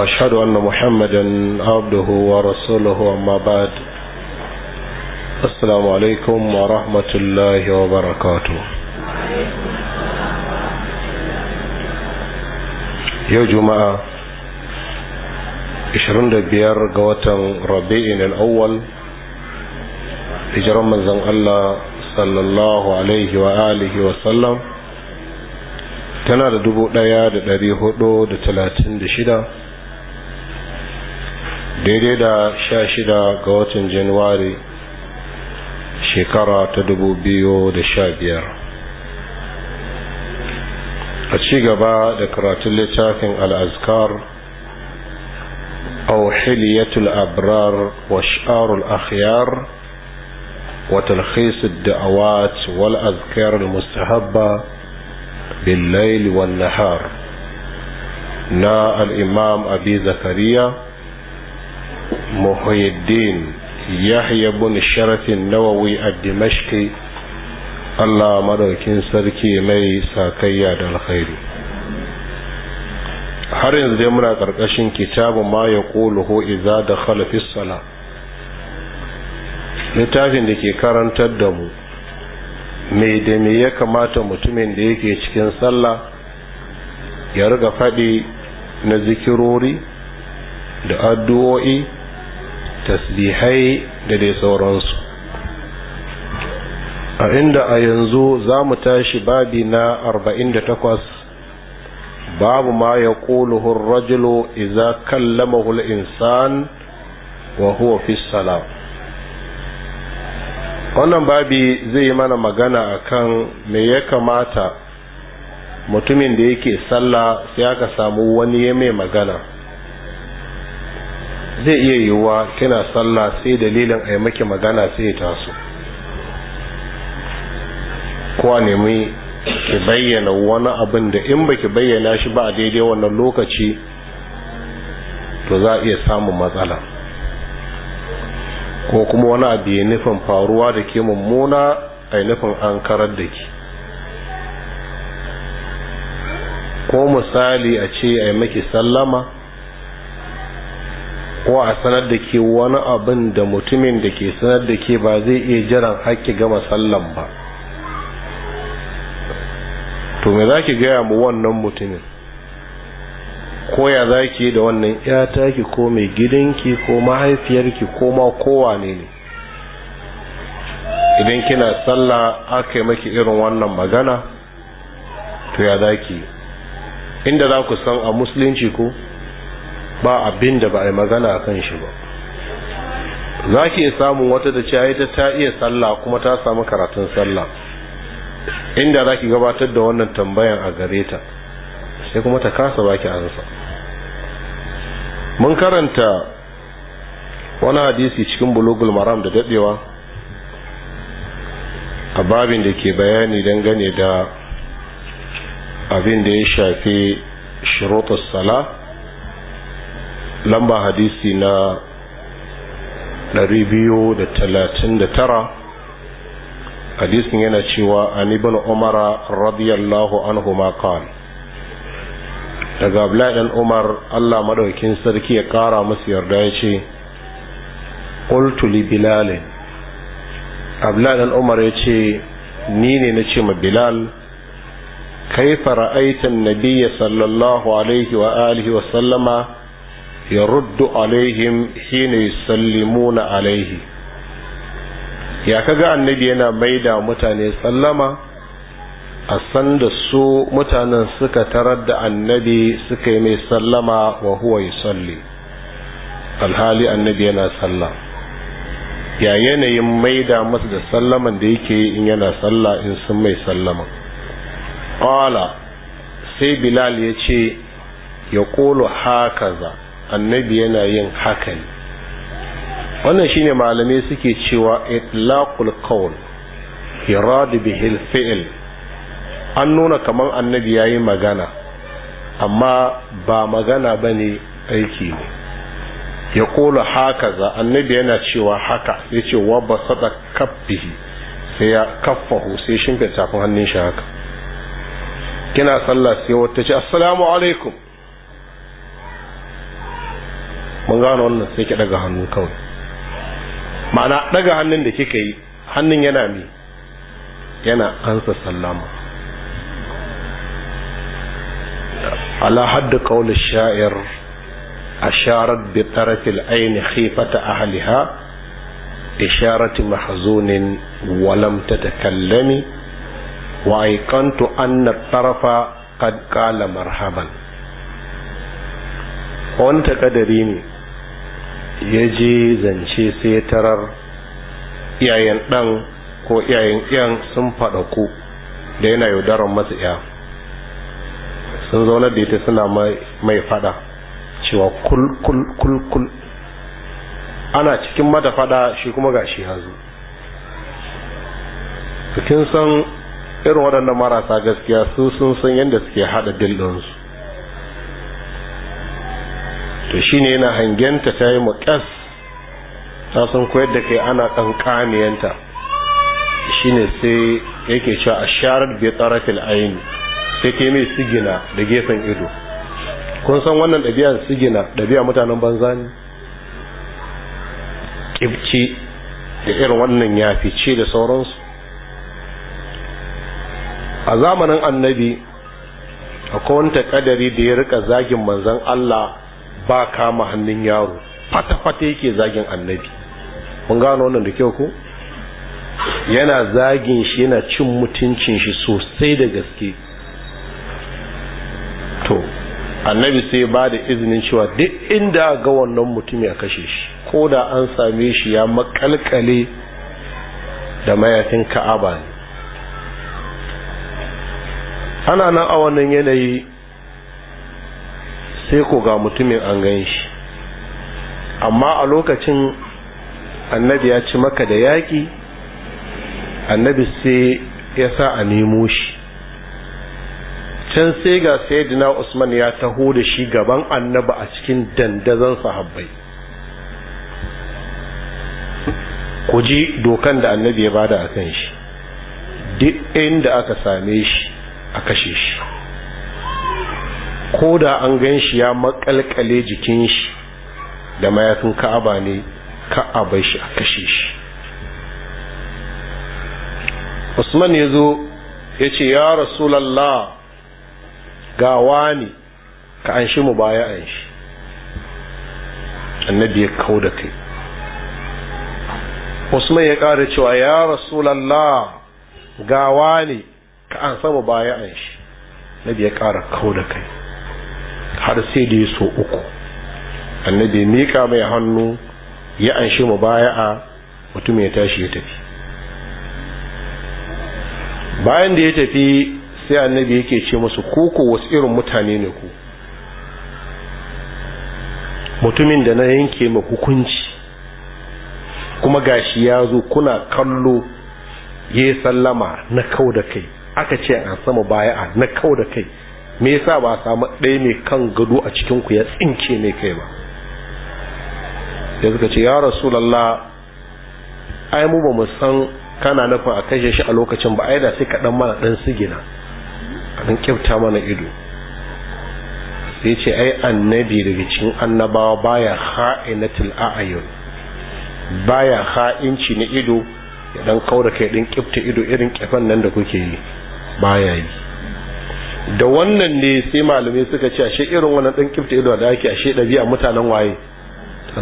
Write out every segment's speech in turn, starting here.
وأشهد أن محمدا عبده ورسوله أما بعد السلام عليكم ورحمة الله وبركاته يا جماعة 25 ga watan rabi'in al'awwal hijiran manzon Allah sallallahu alaihi wa alihi wa sallam tana da dubu ɗaya da ɗari hudu da talatin da shida daidai da sha shida ga watan januwari shekara ta dubu biyu da sha biyar a ci gaba da karatun littafin al'azkar auhiliyatul abrar wa sha'arul akhyar wa talhisul da'awat wal azkar mustahabba bil laili wan nahar na al-imam abi zakariya محي الدين يحيى بن شرف a الدمشقي allah مدوكين sarki mai sakayya da alkhairi har yanzu dai muna ƙarƙashin kitabu ma ya ƙoluhu iza da khalafis sala littafin da ke karantar da mu mai da me ya kamata mutumin da yake cikin sallah ya riga faɗi na zikirori da addu'o'i tasbihai da dai sauransu a inda a yanzu za mu tashi babi na 48 babu ma ya ƙuluhun rajulu iza kallamahul insan wa huwa fi salam wannan babi zai yi mana magana akan me ya kamata mutumin da yake sallah sai aka samu wani ya mai magana zai iya yiwuwa kina sallah sai dalilin a yi maki magana sai ya taso ko a nemi ki bayyana wani abin da in baki bayyana shi ba a daidai wannan lokaci to za a iya samun matsala ko kuma wani abu ya nufin faruwa da ke mummuna a nufin an karar da ki ko misali a ce a yi maki sallama ko a sanar da ke wani abin da mutumin da ke sanar da ke ba zai iya jiran haƙƙi gama sallan ba to me za ki gaya mu wannan mutumin ko ya za ki da wannan yata ki ko mai gidanki ko mahaifiyarki ko ma kowa ne ne idan kina sallah aka yi maki irin wannan magana to ya za ki inda za ku san a musulunci ko ba abin da ba a yi magana a kan shi ba za ki iya samun wata da ciyayi ita ta iya sallah kuma ta samu karatun sallah inda za ki gabatar da wannan tambayan a gare ta sai kuma ta kasa ba ki ansa mun karanta wani hadisi cikin bulugul maram da dadewa a babin da ke bayani gane da abin da ya shafi shirotar sala lamba hadisi na 239 hadisin yana cewa an ibn umara radiyallahu anhu ma qala daga abdullahi umar Allah madaukin sarki ya kara masu yarda ya ce qultu li bilal abdullahi umar ya ce ni ne na ce ma bilal kaifa ra'aita an-nabiyya sallallahu alaihi wa alihi wa sallama yaruddu alaihim hina yusallimuna alaihi ya kaga annabi yana maida mutane sallama a san su mutanen suka tarar da annabi suka yi mai sallama wa huwa yusalli alhali annabi yana salla ya yanayin maida masa da sallaman da yake yi in yana sallah in sun mai sallama qala sai bilal ya ce ya haka hakaza annabi yana yin haka ne wannan shine malamai suke cewa itlaqul qawl irad bihi fi'l an nuna kaman annabi yayi magana amma ba magana bane aiki ne ya kula haka za annabi yana cewa haka ya ce wa basada kaffihi sai ya kaffahu sai shimfe tafin hannun shi haka kina sallah sai wata ce assalamu alaikum mun gano wannan sai ki daga hannu kawai ma'ana daga hannun da kika yi hannun yana mi yana ansa sallama ala hadd hadda ash sha'ir asharat bi taraf al-ayn khifata ahliha isharat mahzun wa lam tatakallami wa ayqantu anna tarafa qad qala marhaban wani takadari ne ya je zance sai tarar iyayen ɗan ko iyayen iyan sun faɗa ku da yana yaudarar masu iya sun zaune da ita suna mai faɗa cewa kul kul kul kul ana cikin mata faɗa shi kuma ga shi hazu kin san irin waɗannan marasa gaskiya su sun san yadda suke haɗa dildinsu to shine yana hangenta ta yi makas ta sun koyar da kai ana kan shi shine sai yake cewa a sharar bai tsara aini sai ke mai sigina da gefen ido kun san wannan ɗabi'a sigina ɗabi'a mutanen banza ne ƙibci da irin wannan ya fice da sauransu a zamanin annabi akwai wani takadari da ya rika zagin manzan Allah ba kama hannun yaro fata-fata yake zagin annabi mun gano wannan da kyau ko yana zagin shi yana cin mutuncin shi sosai da gaske to annabi sai ba da izinin cewa duk inda ga wannan mutum ya kashe shi ko da an same shi ya makalkale da mayafin ka'aba ne ana nan a wannan yanayi sai ko ga mutumin an gan shi amma a lokacin annabi ya ci maka da yaƙi annabi sai ya sa a nemo shi can sai ga sayyidina usman ya taho da shi gaban annabi a cikin dandazon sahabbai ku ji dokan da annabi ya bada a kan shi duk inda aka same shi a kashe shi ko da an gan shi ya makalkale jikin shi da mayafin ka'aba ne ka'aba shi a kashe shi usman ya zo ya ce ya rasulallah gawa ne ka an shi mu baya an shi annabi ya kau da kai usman ya ƙara cewa ya rasulallah gawa ne ka an samu baya an shi annabi ya ƙara kau da kai har sai da ya so uku annabi miƙa mai hannu ya anshi mu mubaya'a mutum ya tashi ya tafi bayan da ya tafi sai annabi yake ce musu koko wasu irin mutane ne ku mutumin da na yanke ma hukunci kuma gashi ya zo kuna kallo ya sallama na kau da kai aka ce an sama baya na kau da kai me yasa ba samu ɗaya mai kan gado a cikin ku ya tsinke mai kai ba ya suka ce ya rasulallah ai mu ba mu san kana nufin a kashe shi a lokacin ba ai da sai ka dan mana ɗan sigina a ɗan kyauta mana ido sai ce ai annabi daga cikin annabawa baya kha'inatul a'yun baya ha'inci na ido ya dan kaura kai din kifta ido irin kyafan nan da kuke yi baya yi da wannan ne sai malamai suka ce ashe irin wannan dan kifta ido da ake ashe dabi'a mutanen waye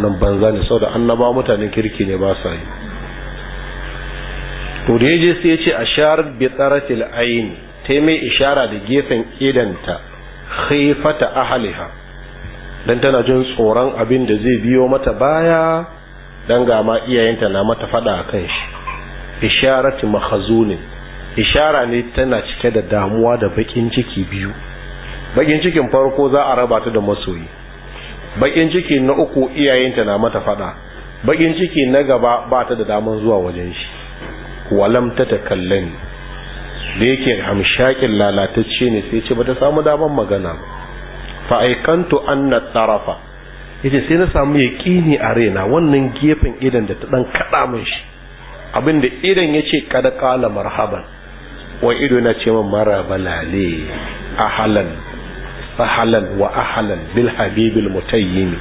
nan banza ne saboda annaba mutanen kirki ne ba sa yi to da yaje sai ya ce ashar bi taratil ayn tai mai ishara da gefen idanta khifata ahliha dan tana jin tsoron abin da zai biyo mata baya dan ga ma iyayenta na mata fada akan shi isharatu mahzunin ishara ne tana cike da damuwa da bakin ciki biyu bakin cikin farko za a raba ta da masoyi bakin ciki na uku iyayenta na mata fada bakin ciki na gaba ba ta da daman zuwa wajen shi walam ta takallani da yake hamshakin lalatacce ne sai ce ba ta samu daman magana ba fa aikantu anna tarafa ita sai na samu yaqini a raina wannan gefen idan da ta dan kada min shi abinda idan ya ce kada kala marhaban wani ido yana ce min mara balale ahalan ahalan wa ahalan bil habibil mutayyimi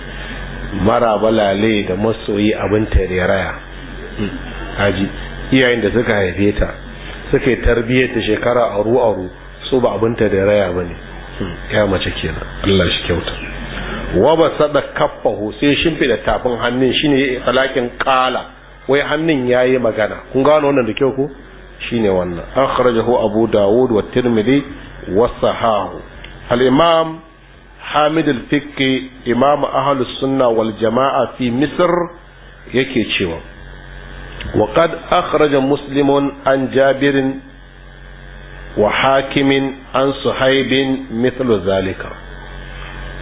mara balale da masoyi abin tareraya haji iyayen da suka haife ta suka tarbiyyar ta shekara aru aru su ba abin tareraya ba ne hmm, ya mace kenan Allah shi kyauta wa ba sada kaffahu sai da tafin hannun shine ya yi kala wai hannun ya yi magana kun gano wannan da kyau ko shine wannan akhrajahu abu dawud wa tirmidhi wa sahahu al imam hamid al fiqi imam ahlus sunna wal jamaa fi misr yake cewa wa qad akhraja muslimun an jabirin wa hakimin an suhaibin mithlu zalika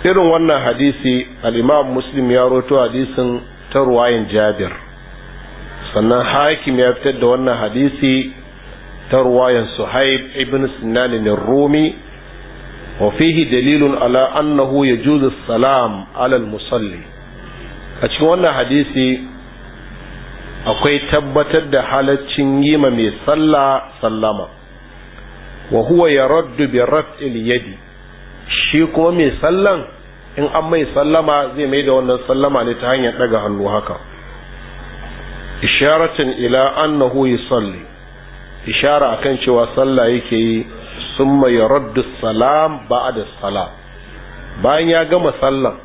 irin wannan hadisi al-imam muslim ya roto hadisin ta ruwayin jabir sannan hakim ya fitar da wannan hadisi ta ruwayan suhaib ibn sinan rumi wa fihi dalilun ala annahu yajuzu salam alal musalli a cikin wannan hadisi akwai tabbatar da halaccin yima mai sallah sallama wa huwa yaraddu bi raf'il yadi shi kuma mai sallan in an mai sallama zai mai da wannan sallama ne ta hanyar daga hannu haka isharatin ila annahu yusalli ishara akan cewa sallah yake yi summa yaraddu salam ba'da salam bayan ya gama sallah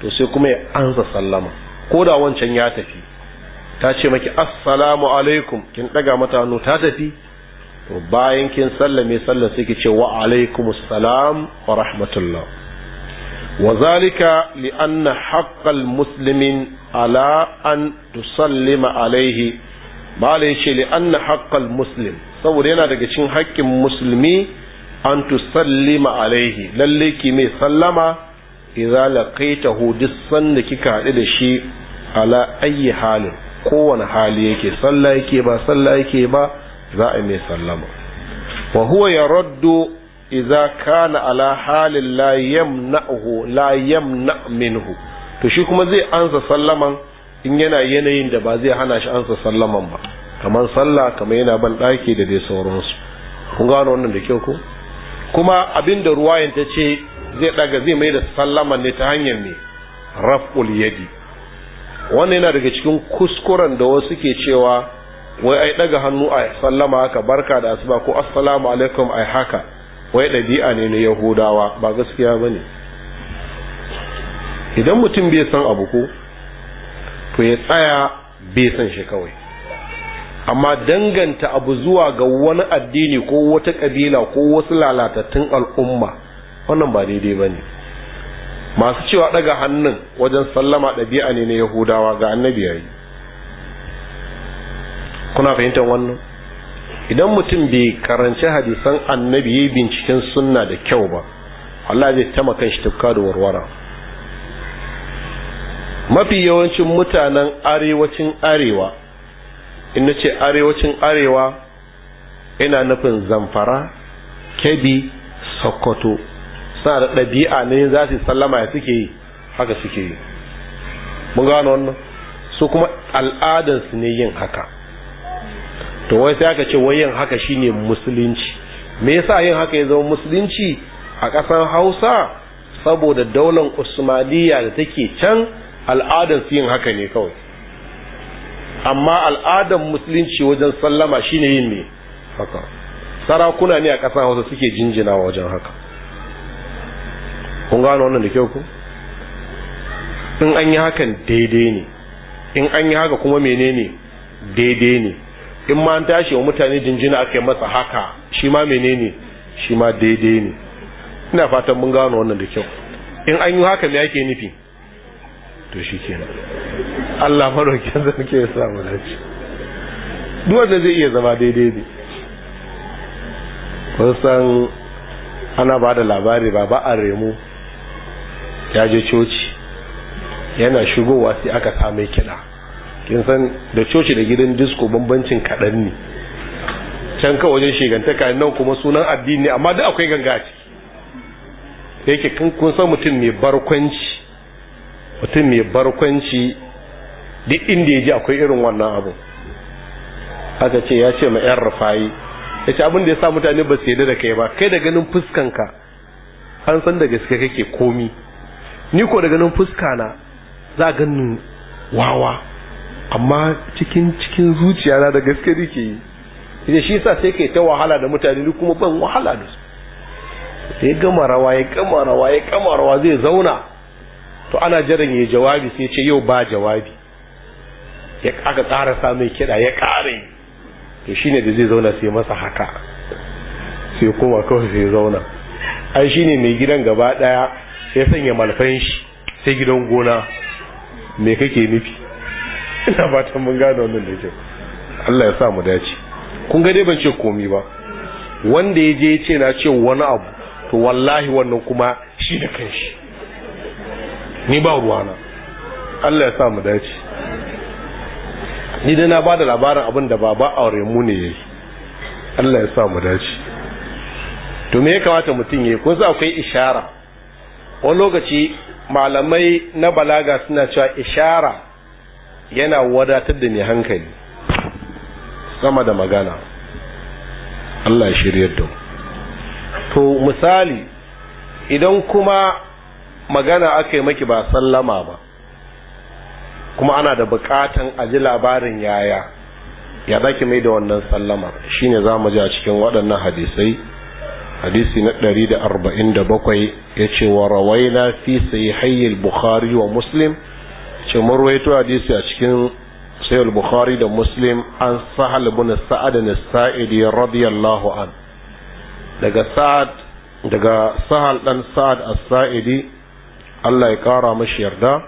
to sai kuma ya ansa sallama ko da wancan ya tafi ta ce maki assalamu alaikum kin daga mata hannu ta tafi to bayan kin sallame sallar sai ki ce wa alaikumus salam wa rahmatullah li anna haqqal muslimin ala'an an tusallima عليه ya yace li anna haqqal muslim saboda yana daga cikin haƙƙin musulmi an tu sallima alaihi lalle ki mai sallama idza hu duk sanda kika haɗu da shi ala ayyi halin kowane hali yake sallah yake ba sallah yake ba za a mai sallama wa huwa yaraddu idza kana ala halin la yamna'hu la yamna minhu to shi kuma zai ansa sallaman in yana yanayin da ba zai hana shi ansa sallaman ba kamar sallah kamar yana ban ɗaki da dai sauransu kun gano wannan da kyau ko kuma abin da ruwayan ta ce zai ɗaga zai mai da sallaman ne ta hanyar ne raf'ul yadi wannan yana daga cikin kuskuren da wasu ke cewa wai ai ɗaga hannu a sallama haka barka da asuba ko assalamu alaikum ai haka wai ɗabi'a ne na yahudawa ba gaskiya ba ne idan mutum bai san abu ko to ya tsaya bai san shi kawai amma danganta abu zuwa ga wani addini ko wata kabila ko wasu lalatattun al'umma wannan ba daidai ba ne masu cewa daga hannun wajen sallama ɗabi'a ne na yahudawa ga annabi yi kuna fahimtar wannan idan mutum bai karanci hadisan annabi ya binciken sunna da kyau ba Allah zai tama kan shi tafka da warwara mafi yawancin mutanen arewacin arewa in ce arewacin arewa ina nufin zamfara kebi sokoto suna da ɗabi'a ne za su sallama ya suke yi haka suke yi mun gano wannan su kuma al'adarsu ne yin haka to wai sai aka ce wai yin haka shine musulunci me yasa yin haka ya zama musulunci a ƙasar hausa saboda daular usmaniya da take can al'adar su yin haka ne kawai amma al'adar musulunci wajen sallama shine yin ne haka sarakuna ne a ƙasar hausa suke jinjina wajen haka kun gano wannan da kyau ku in an yi hakan daidai ne in an yi haka kuma menene daidai ne in ma an tashi wa mutane jinjina aka yi masa haka shi ma menene shi ma daidai ne ina fatan mun gano wannan da kyau in an yi haka me ake nufi to shi kenan Allah maraukin zan ya samu dace duk wanda zai iya zama daidai ne kun san ana ba da labari ba ba a remu ya je coci yana shigowa sai aka same kiɗa kin san da coci da gidan disko bambancin kaɗan ne can ka wajen shigantaka nan kuma sunan addini amma duk akwai ganga ciki yake kun san mutum mai barkwanci mutum mai barkwanci duk inda ya ji akwai irin wannan abu aka ce ya ce ma yan rufayi ya ce abin da ya sa mutane ba su yi da kai ba kai da ganin fuskanka an san da gaske kake komi ni ko da ganin fuska na za ganin wawa amma cikin cikin zuciya na da gaske nake yi da shi sa sai kai ta wahala da mutane ni kuma ban wahala da su sai gama rawa ya gama rawa ya gama rawa zai zauna to ana jiran ya jawabi sai ce yau ba jawabi ya aka ƙara sa mai kiɗa ya ƙara yi to shine da zai zauna sai masa haka sai kuma kawai sai zauna ai shine mai gidan gaba ɗaya ya sanya malfan shi sai gidan gona me kake nufi ina fatan mun gane wannan da kyau Allah ya sa mu dace kun ga dai ban ce komi ba wanda ya je ya ce na ce wani abu to wallahi wannan kuma shi da kanshi ni ba ruwana Allah ya sa mu dace ni dai na bada labarin abin da baba aure mu ne yayi Allah ya sa mu dace to me ya kamata mutum yayi ko za akwai ishara wani lokaci malamai na balaga suna cewa ishara yana wadatar da ni hankali sama da magana Allah ya shiryar da to misali idan kuma magana aka yi maki ba sallama ba kuma ana da bukatan a ji labarin yaya ya zaki mai da wannan sallama shine za mu ji a cikin waɗannan hadisai hadisi na 147 ya ce wa rawaina fi hayyar bukhari wa muslim ce mun rawaito hadisi a cikin al bukhari da muslim an sahal ibn sa'ad as-sa'idi radiyallahu an daga sa'ad daga sahal dan sa'ad as-sa'idi Allah ya ƙara mashi yarda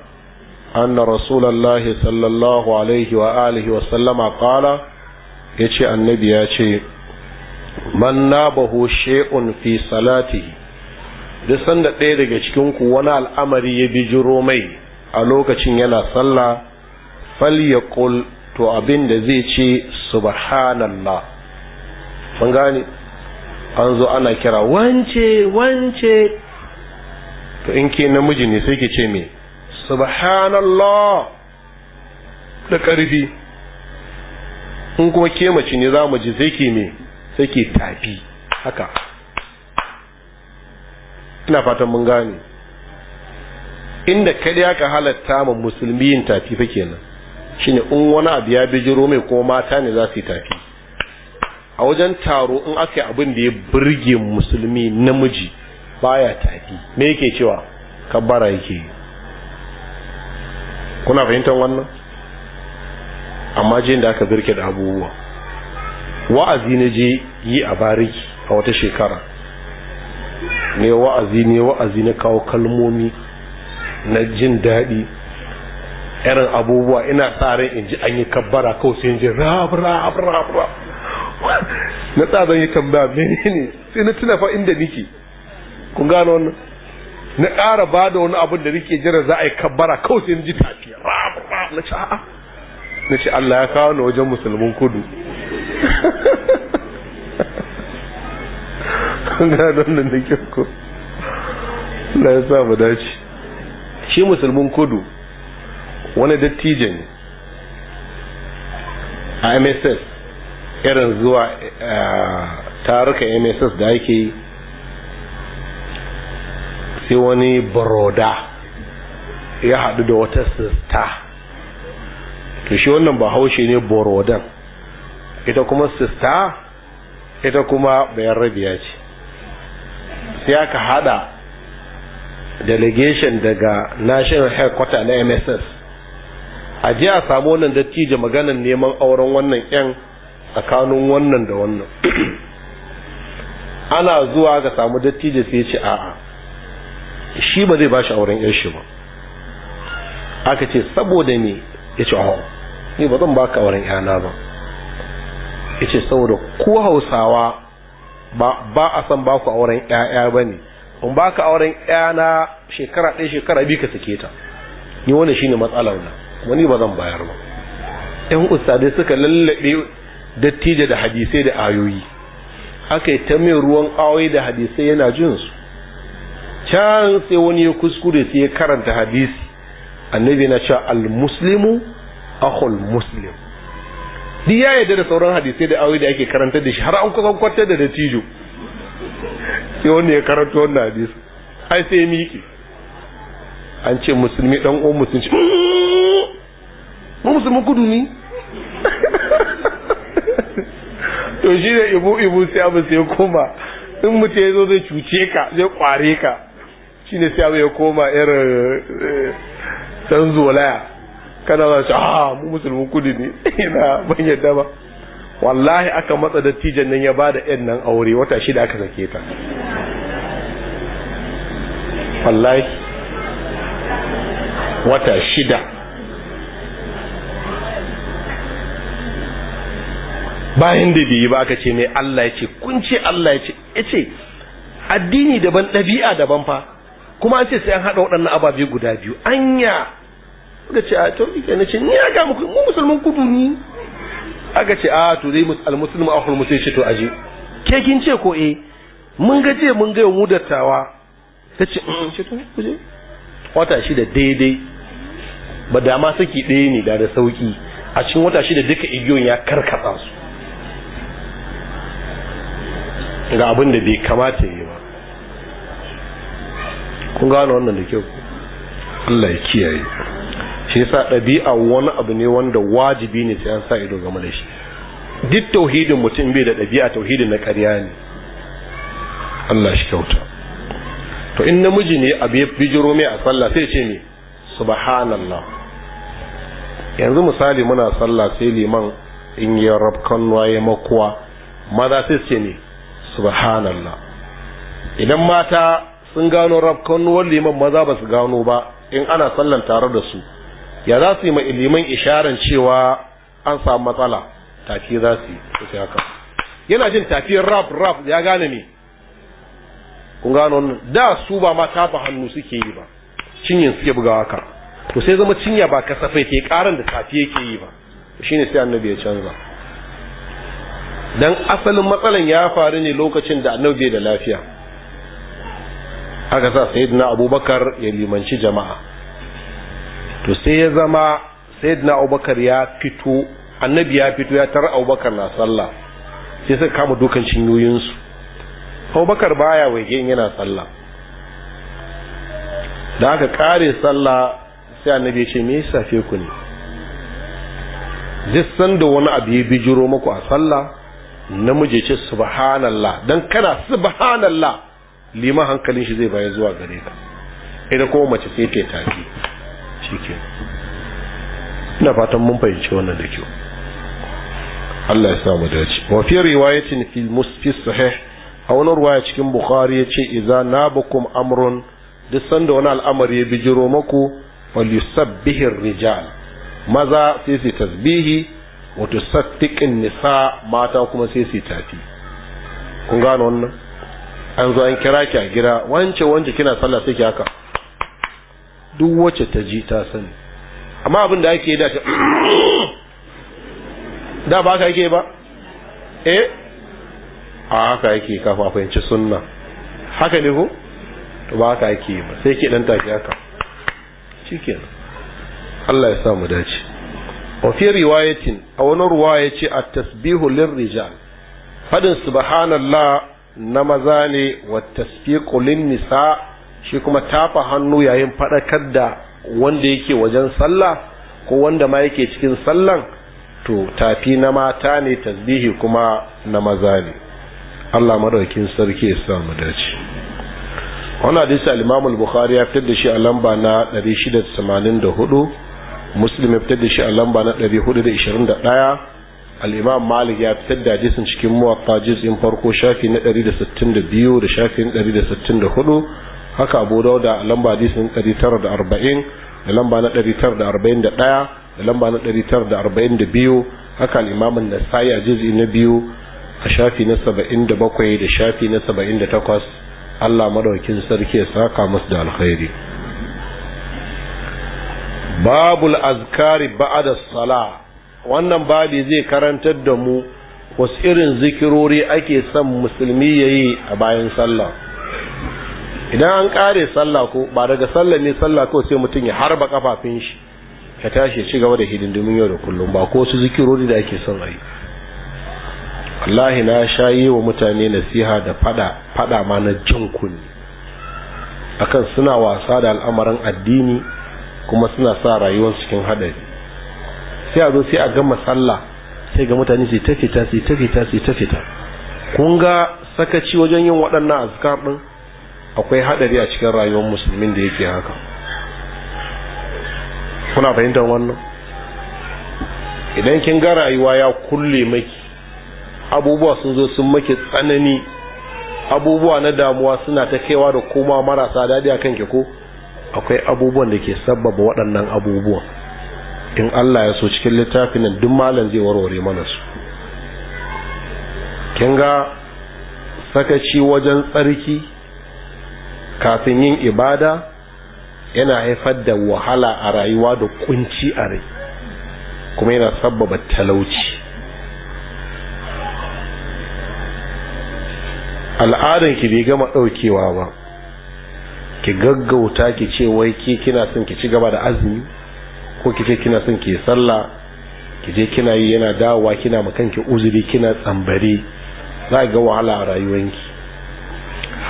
na rasulullahi sallallahu alaihi wa alihi wa sallama qala yace annabi ya ce man bahu she'un fi salati. duk sanda ɗaya daga cikin wani al'amari ya jiro mai a lokacin yana sallah falyaqul to abin da zai ce subhanallah mun gane an zo ana kira wance wance to in ke namiji ne sai ke ce me subhanallah da ƙarfi in kuma ke mace ne za mu ji sai ke me sai ke tafi haka ina fatan mun gane inda kada ya ka halatta ma musulmi yin tafi fa kenan shine in wani abu ya bijiro mai ko mata ne za su yi tafi a wajen taro in aka yi abin da ya burge musulmi namiji baya tafi me yake cewa kabbara yake kuna fahimtar wannan amma je da aka birke da abubuwa wa'azi na je yi a bariki a wata shekara ne wa'azi ne wa'azi na kawo kalmomi na jin daɗi irin abubuwa ina tsare in ji an yi kabbara kawai sai in ji rab rab rab na tsarin yi tambaya ne sai na tuna fa inda nike kun gano wannan na ƙara ba da wani abin da nake jira za a yi kabbara kawai sai ji tafi na ce a'a na ce Allah ya kawo ni wajen musulmin kudu kun gano wannan da kyau ko Allah ya sa mu dace shi musulmin kudu wani dattijo ne a MSS irin zuwa eh, tarukan MSS da ake yi sai wani baroda ya haɗu da wata sista to shi wannan bahaushe ne borodan ita kuma sista ita kuma bayan rabiya ce sai aka haɗa delegation daga national headquarter na mss a ji a samu wannan dattijo maganan neman auren wannan 'yan tsakanin wannan da wannan ana zuwa ga samu dattijo sai ce a'a shi ba zai bashi auren yan shi ba aka ce saboda me ya ce oh ni ba zan baka auren yana ba ya ce saboda ko hausawa ba a san baku auren yaya ba ne in baka auren yana shekara ɗaya shekara biyu ka sake ta ni wannan shine matsalar na wani ba zan bayar ba Yan ustadai suka lallabe dattijo da hadisai da ayoyi aka yi ta mai ruwan awai da hadisai yana jinsu. can sai wani ya kuskure sai ya karanta hadisi annabi na cewa al-muslimu akhul muslim di ya yadda da sauran hadisai da aure da ake karanta da shi har an kusan kwatar da dattijo sai wani ya karanta wannan hadisi ai sai miki an ce musulmi dan uwan musulmi mm, mu musulmi kudu ni. to shi da ibu ibu sai abu sai kuma in mutum ya zo zai cuce ka zai kware ka Shi ne sai abu ya koma irin eh, san zolaya kana za su ah mu musulmin kudi ne ina ban yadda ba wallahi aka matsa dattijan nan ya ba da yan nan aure wata shida aka sake ta wallahi wata shida bayan da bai yi ba aka ce mai Allah ya ce kun ce Allah ya ce ya ce addini daban ɗabi'a daban fa kuma an ce sai an haɗa waɗannan ababe guda biyu anya suka ce a to ke na ce ni ya ga muku mu musulmin kudu ni Aga ce a to dai almuslimu akhul muslim ce to aje ke kin ce ko eh mun ga je mun ga mu dattawa ta ce mm, ce to ku je wata da daidai ba da ma saki ɗaya ne da da sauki a cikin wata da duka igiyon ya karkatsa su ga abin da bai kamata yi kun gane wannan da kyau Allah ya kiyaye shi yasa ɗabi'a wani abu ne wanda wajibi ne sai an sa ido game da shi duk tauhidin mutum bai da ɗabi'a tauhidin na ƙarya ne Allah shi kyauta to in namiji ne abu ya bijiro mai a sallah sai ce ne subhanallah yanzu misali muna sallah sai liman in ya rabkan waye makuwa maza sai ce ne subhanallah idan mata sun gano rafkanuwar liman maza ba su gano ba in ana sallan tare da su ya za su yi ma liman isharan cewa an samu matsala tafi za su yi haka yana jin tafiyar rap rap ya gane ne kun gano da su ba ma tafa hannu suke yi ba cinyin suke buga haka to sai zama cinya ba kasafai ke karan da tafi yake yi ba shine sai annabi ya canza dan asalin matsalan ya faru ne lokacin da annabi da lafiya aka sa sayyidina abubakar ya limanci jama'a to sai ya zama sayyidina abubakar ya fito annabi ya fito ya tara abubakar na sallah sai suka kama dukan cinyoyinsu abubakar baya in yana sallah da aka kare sallah sai annabi ya ce me yasa fe ku ne duk sanda wani abu ya bijiro muku a sallah namiji ce subhanallah dan kana subhanallah liman hankalin shi zai ya zuwa gare ka ita kuma mace sai ta tafi shike ina fatan mun fahimci wannan da kyau Allah ya sa mu dace wa fi riwayatin fi musfi sahih a wani cikin bukhari ya ce idza nabukum amrun duk sanda wani al'amari ya bijiro maku falyusabbihi rijal maza sai su tasbihi wa tusattiqin nisa mata kuma sai su tafi kun gano wannan an zo an kira ki a gida wance wance kina sallah sai ki haka duk wacce ta ji ta sani amma abin da ake da ta da ba ka yake ba eh a haka yake kafa a fahimci sunna haka ne ko to ba ka yake ba sai ke dan tafi haka shikenan Allah ya sa mu dace wa fi riwayatin a wani ruwaya ce at-tasbihu lirrijal fadin subhanallah na maza ne wa tasfiqu nisa shi kuma tafa hannu yayin faɗakar da wanda yake wajen sallah ko wanda ma yake cikin sallan to tafi na mata ne tasbihi kuma na maza ne Allah madaukin sarki ya sa mu dace wannan hadisi al-Imam bukhari ya fitar da shi a lamba na 684 Muslim ya fitar da shi a lamba na 421 al'imam malik ya fitar da hadisin cikin muwatta jiz'in farko shafi na 162 da shafin 164 haka abu dau da lamba hadisin 940 da lamba na 941 da lamba na 942 haka al'imamin da sai a jiz'i na biyu a shafi na 77 da shafi na 78 allah madaukin sarki ya saka musu da alkhairi babul azkari ba'da salah wannan babi zai karantar da mu wasu irin zikirori ake son musulmi ya yi a bayan sallah idan an kare sallah ko ba daga sallah ne sallah ko sai mutum ya harba kafafin shi ya tashi ya ci gaba da hidindimin yau da kullum ba ko su zikirori da ake son a yi wallahi na sha yi wa mutane nasiha da fada fada ma na jin kunni akan suna wasa da al'amarin addini kuma suna sa rayuwar cikin hadari sai a zo sai a gama sallah sai ga mutane sai ta fita sai ta fita sai ta fita kun ga sakaci wajen yin waɗannan azkar ɗin akwai hadari a cikin rayuwar musulmin da yake haka kuna fahimtar wannan idan kin ga rayuwa ya kulle maki abubuwa sun zo sun maki tsanani abubuwa na damuwa suna ta kaiwa da koma marasa daɗi a kanki ko akwai abubuwan da ke sabbaba waɗannan abubuwan in Allah ya so cikin littafin nan duk malam zai warware mana su kin ga sakaci wajen tsarki kafin yin ibada yana haifar da wahala a rayuwa da kunci a rai kuma yana sabbaba talauci al'adar ki bai gama ɗaukewa ba ki gaggauta ki ce wai ki kina son ki ci gaba da azumi ko kike kina son ki sallah kije kina yi yana dawowa kina ma kanki uzuri kina tsambare za ga wahala a rayuwanki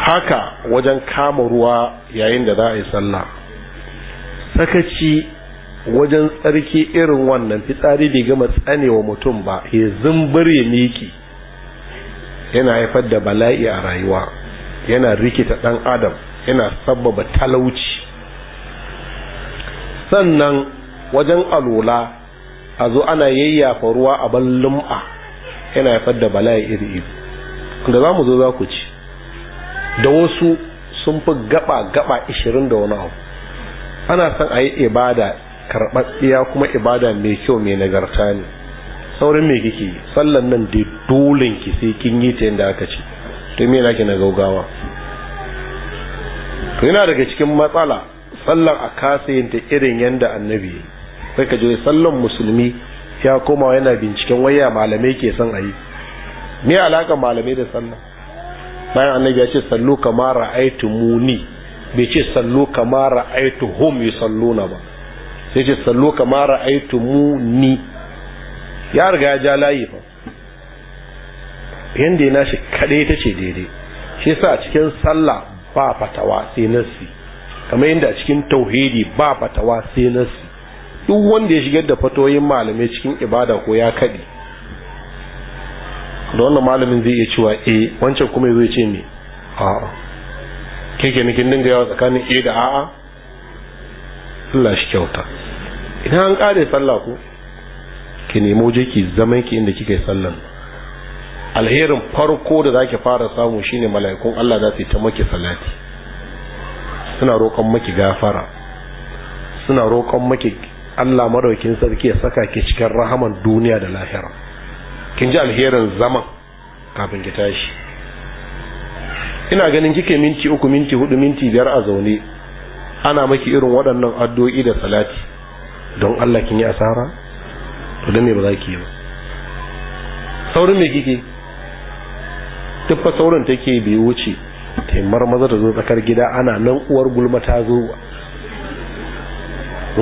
haka wajen kama ruwa yayin da za a yi sallah sakaci wajen tsarki irin wannan fitsari bai gama tsanewa mutum ba ya zumbir ya miki yana haifar da bala'i a rayuwa yana rikita dan adam yana sabbaba talauci sannan wajen alola a zo ana yayyafa ruwa a ban lum'a yana haifar da bala'i iri iri da za mu zo za ku ci da wasu sun fi gaba gaba ishirin da wani abu ana son a yi ibada karɓaɓɓiya kuma ibada mai kyau mai nagarta ne saurin mai kike yi sallan nan da dolin ki sai kin yi ta yadda aka ce to me yana na gaugawa to yana daga cikin matsala sallar a kasa yin ta irin yadda annabi sai ka je sallon musulmi ya koma yana binciken waya malamai ke son a yi me alaka malamai da sallah bayan annabi ya ce sallu kama ra'aitu muni bai ce sallu kama ra'aitu hum yusalluna ba sai ce sallu kama ra'aitu muni ya riga ya ja layi fa yanda yana nashi kadai ta ce daidai shi sa a cikin sallah ba fatawa sai nasi kamar yadda a cikin tauhidi ba fatawa sai nasi duk wanda ya shigar da fatoyin malamai cikin ibada ko ya kaɗi da wannan malamin zai iya cewa A eh, wancan kuma zai ce me a'a keke ne kin dinga yawa tsakanin A eh da a'a Allah shi kyauta idan an kare sallah ko ki nemo je ki zaman ki inda kika yi sallan alherin farko da zaki fara samu shine mala'ikun Allah za su yi ta maki salati suna roƙon maki gafara suna roƙon maki Allah madaukin sarki ya saka ki cikin rahaman duniya da lahira kin ji alherin zaman kafin ki tashi ina ganin kike minti uku minti hudu minti biyar a zaune ana maki irin waɗannan addu'o'i da salati don Allah kin yi asara to dan me ba za ki yi ba saurin me kike tuffa saurin take bai wuce taimar maza ta zo tsakar gida ana nan uwar gulma ta zo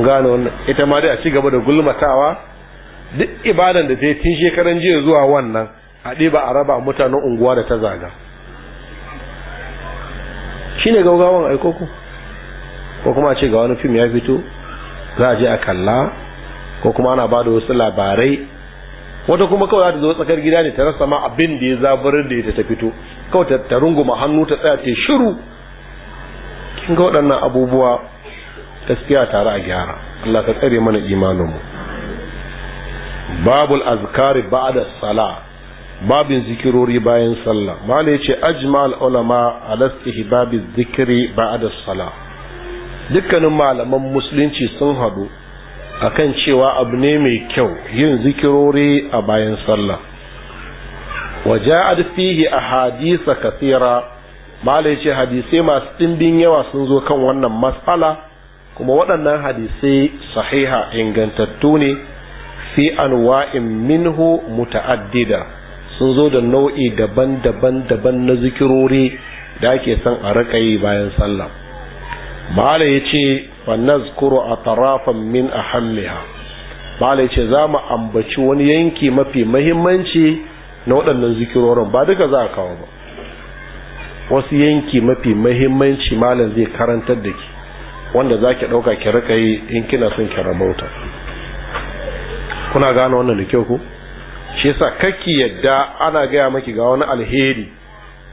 gane wannan ita ma dai a ci gaba da gulmatawa duk ibadan da ta yi tun shekaran jiya zuwa wannan a ɗiba a raba mutanen unguwa da ta zaga shi ne gaugawan aikoko ko kuma ce ga wani fim ya fito za a je a kalla ko kuma ana ba da wasu labarai wata kuma kawai za ta zo tsakar gida ne ta rasa ma abin da ya zabarar da ita ta fito kawai ta runguma hannu ta tsaya ta shiru kin ga waɗannan abubuwa gaskiya tare a gyara Allah ka tsare mana imanin mu babul azkari ba'da sala babin zikirori bayan sallah mala yace ajmal ulama ala istihbabi zikri ba'da sala dukkanin malaman musulunci sun hadu akan cewa abu ne mai kyau yin zikirori a bayan sallah fihi ahadith kathira كثيرة yace hadisi masu ما yawa sun zo kan wannan matsala. kuma waɗannan hadisai sahiha ingantattu ne fi anwa'in minhu muta'addida sun zo da nau'i daban-daban daban na zikirori da ake son a rika yi bayan sallah bala ya ce fa a tarafan min a bala ya ce za mu ambaci wani yanki mafi mahimmanci na waɗannan zikirorin ba duka za a kawo ba wasu yanki mafi mahimmanci malam zai karantar da ke wanda za ki ɗauka ki rika yi in kina son ki rabauta kuna gane wannan da kyau ku shi yasa kakki yadda ana gaya maki ga wani alheri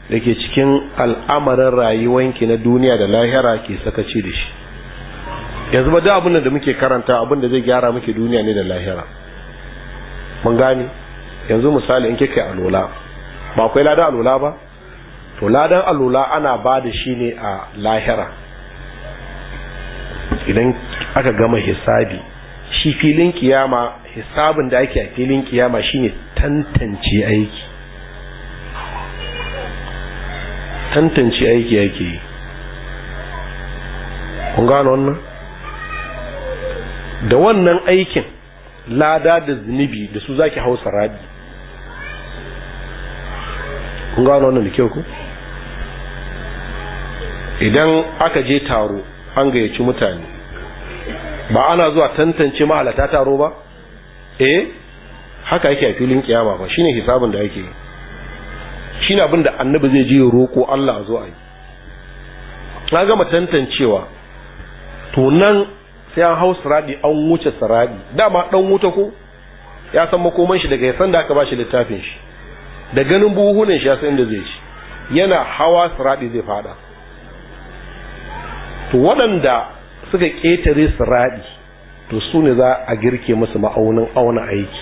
da ke cikin al'amarin rayuwanki na duniya da lahira ke sakaci da shi yanzu ba da abin da muke karanta abin da zai gyara miki duniya ne da lahira mun gane yanzu misali in kike alola ba akwai ladan alola ba to ladan alola ana ba da shi ne a lahira idan aka gama hisabi shi filin kiyama hisabin da ake a filin kiyama shine tantance aiki tantance aiki ake yi kun gano wannan da wannan aikin lada da zunubi da su zaki hausa rabi kun gano wannan da kyau ku idan aka je taro an gayyaci mutane ba ana zuwa tantance ta taro ba eh haka yake a filin kiyama ba shine hisabin da yake shine abin da annabi zai je roko Allah zo a yi na gama tantancewa to nan sai an hau saradi an wuce saradi dama dan wuta ko ya san makoman shi daga yasan da aka bashi littafin shi da ganin buhunan shi ya san inda zai shi yana hawa saradi zai fada to waɗanda suka ƙetare su raɗi, to su ne za a girke musu ma'aunin auna aiki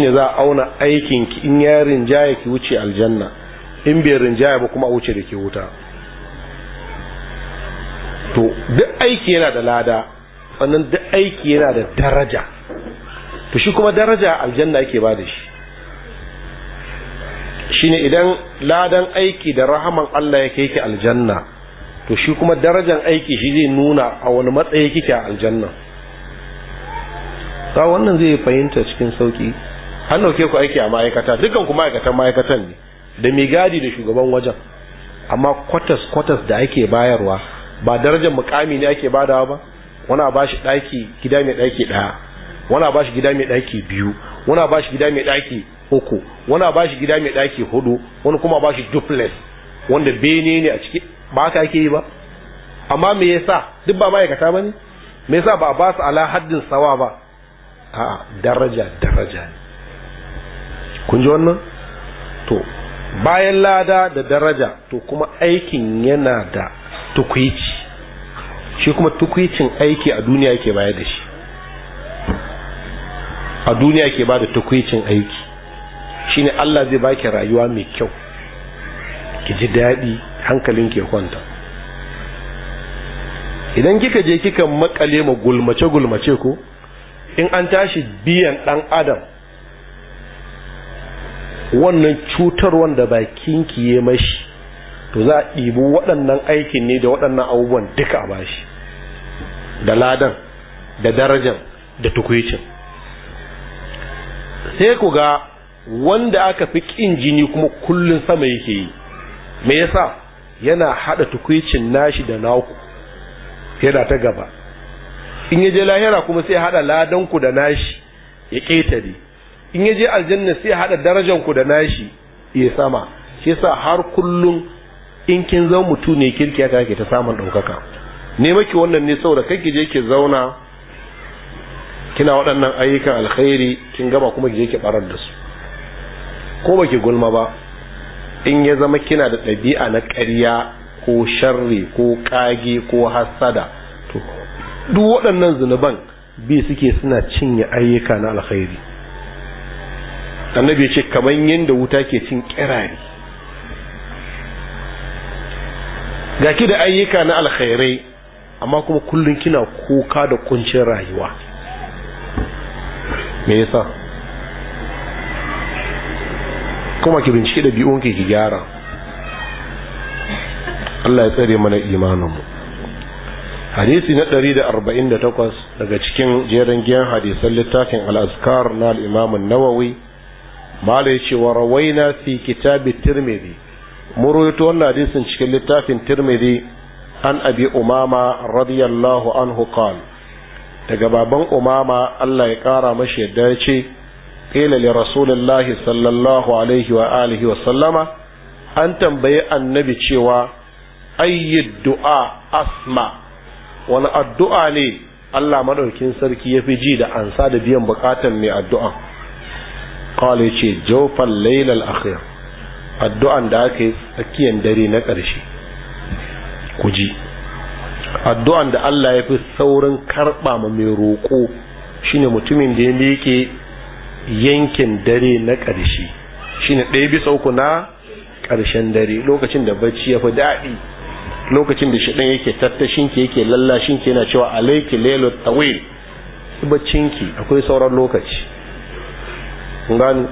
ne za a auna aikin ki in ya rinjaya ki wuce aljanna in bai rinjaya ba kuma a wuce da ke wuta to duk aiki yana da lada sannan duk aiki yana da daraja to shi kuma daraja aljanna yake ba da shi ne idan ladan aiki da rahaman Allah ya kai ki aljanna to shi kuma darajar aiki shi zai nuna a wani matsayi kike a aljanna ta wannan zai fahimta cikin sauki an ke ku aiki a ma'aikata dukkan ku ma'aikatan ma'aikatan ne da mai gadi da shugaban wajen amma kwatas kwatas da ake bayarwa ba darajar mukami ne ake badawa ba wana ba shi daki gida mai daki daya wana ba shi gida mai daki biyu wana ba shi gida mai daki uku wana ba shi gida mai daki hudu wani kuma ba shi duplex wanda bene ne a cikin ba haka ake yi ba amma me yasa duk ba ma'aikata ba ne me yasa ba a ba su ala haddin sawa ba a daraja daraja kun ji wannan to bayan lada da daraja to kuma aikin yana da tukwici shi kuma tukwicin aiki a duniya ke bayar da shi a duniya ke ba da tukwicin aiki shine Allah zai baki rayuwa mai kyau ki ji daɗi hankalin ke kwanta idan kika je kika makale ma gulmace gulmace ko in an tashi biyan dan adam wannan cutar wanda ba kinki ya mashi to za a ɗibu waɗannan aikin ne da waɗannan abubuwan duka a bashi da ladan da darajan da tukwicin sai ku ga wanda aka fi ƙin jini kuma kullun sama yake yi me yasa yana hada tukwicin nashi da naku yana ta gaba in ya je lahira kuma sai hada ladan ku da nashi ya ketare in ya je aljanna sai hada darajar ku da nashi ya sama shi yasa har kullum in kin zama mutu ne kirkiya ta ke ta samun ɗaukaka. ne maki wannan ne saboda kai ki je ki zauna kina waɗannan ayyukan alkhairi kin gama kuma ki je ki barar da su ko baki gulma ba in ya zama kina da ɗabi'a na ƙarya ko sharri ko ƙage ko hassada to duk waɗannan zunuban bi suke suna cinye ayyuka na alkhairi annabi ya ce kamar yadda wuta ke cin kirari ga ki da ayyuka na alkhairai amma kuma kullum kina kuka da kuncin rayuwa me yasa kuma ki bincike da biyun ki ki gyara Allah ya tsare mana imanin mu hadisi na 148 daga cikin jerin giyan hadisan littafin al-azkar na al-imam an-nawawi malai ce wa rawaina fi kitab tirmidhi wannan hadisin cikin littafin tirmidhi an abi umama radiyallahu anhu qala daga baban umama Allah ya kara mashi yadda ya ce qila li rasulillahi sallallahu alaihi wa alihi wa sallama an tambayi annabi cewa ayyi asma wani addu'a ne Allah maɗaukin sarki ya fi ji da ansa da biyan bukatan mai addu'a qala ce jawfal lailal akhir addu'an da aka yi tsakiyar dare na ƙarshe ku ji addu'an da Allah ya fi saurin karɓa ma mai roƙo shine mutumin da ya miƙe yankin dare na ƙarshe ne ɗaya bisa uku na ƙarshen dare lokacin da bacci ya fi daɗi lokacin da shiɗan yake tattashin ki yake lallashin ki yana cewa alaiki lelo tawil baccin ki akwai sauran lokaci gani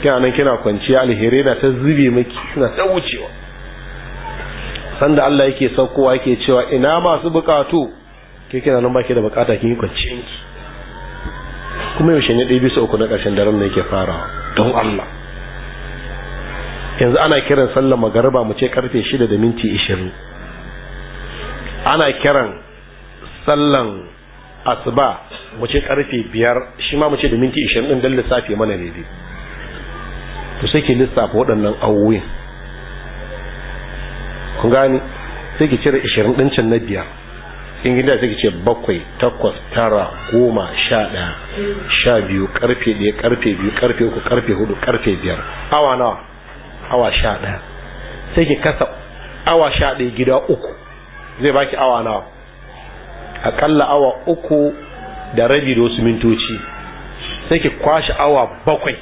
kina nan kina kwanciya alheri na ta zube miki suna ta wucewa sanda Allah yake saukowa yake cewa ina masu bukatu ke kina nan baki da bukata kin yi kwanciyanki kuma yaushe ne ɗaya bisa uku na ƙarshen daren ne yake farawa don Allah yanzu ana kiran sallar magariba mu ce karfe shida da minti ishirin ana kiran sallan asuba mu ce karfe biyar shi ma mu ce da minti ishirin ɗin don lissafi mana ne dai to sai ke lissafa waɗannan awoyin kun gani sai ke cire ishirin ɗin can na biyar in gida suke ce bakwai takwas tara goma sha ɗaya sha biyu karfe ɗaya karfe biyu karfe uku karfe hudu karfe biyar awa nawa awa sha ɗaya sai ke kasa awa sha ɗaya gida uku zai baki awa nawa akalla awa uku da rabi da wasu mintoci sai ke kwashe awa bakwai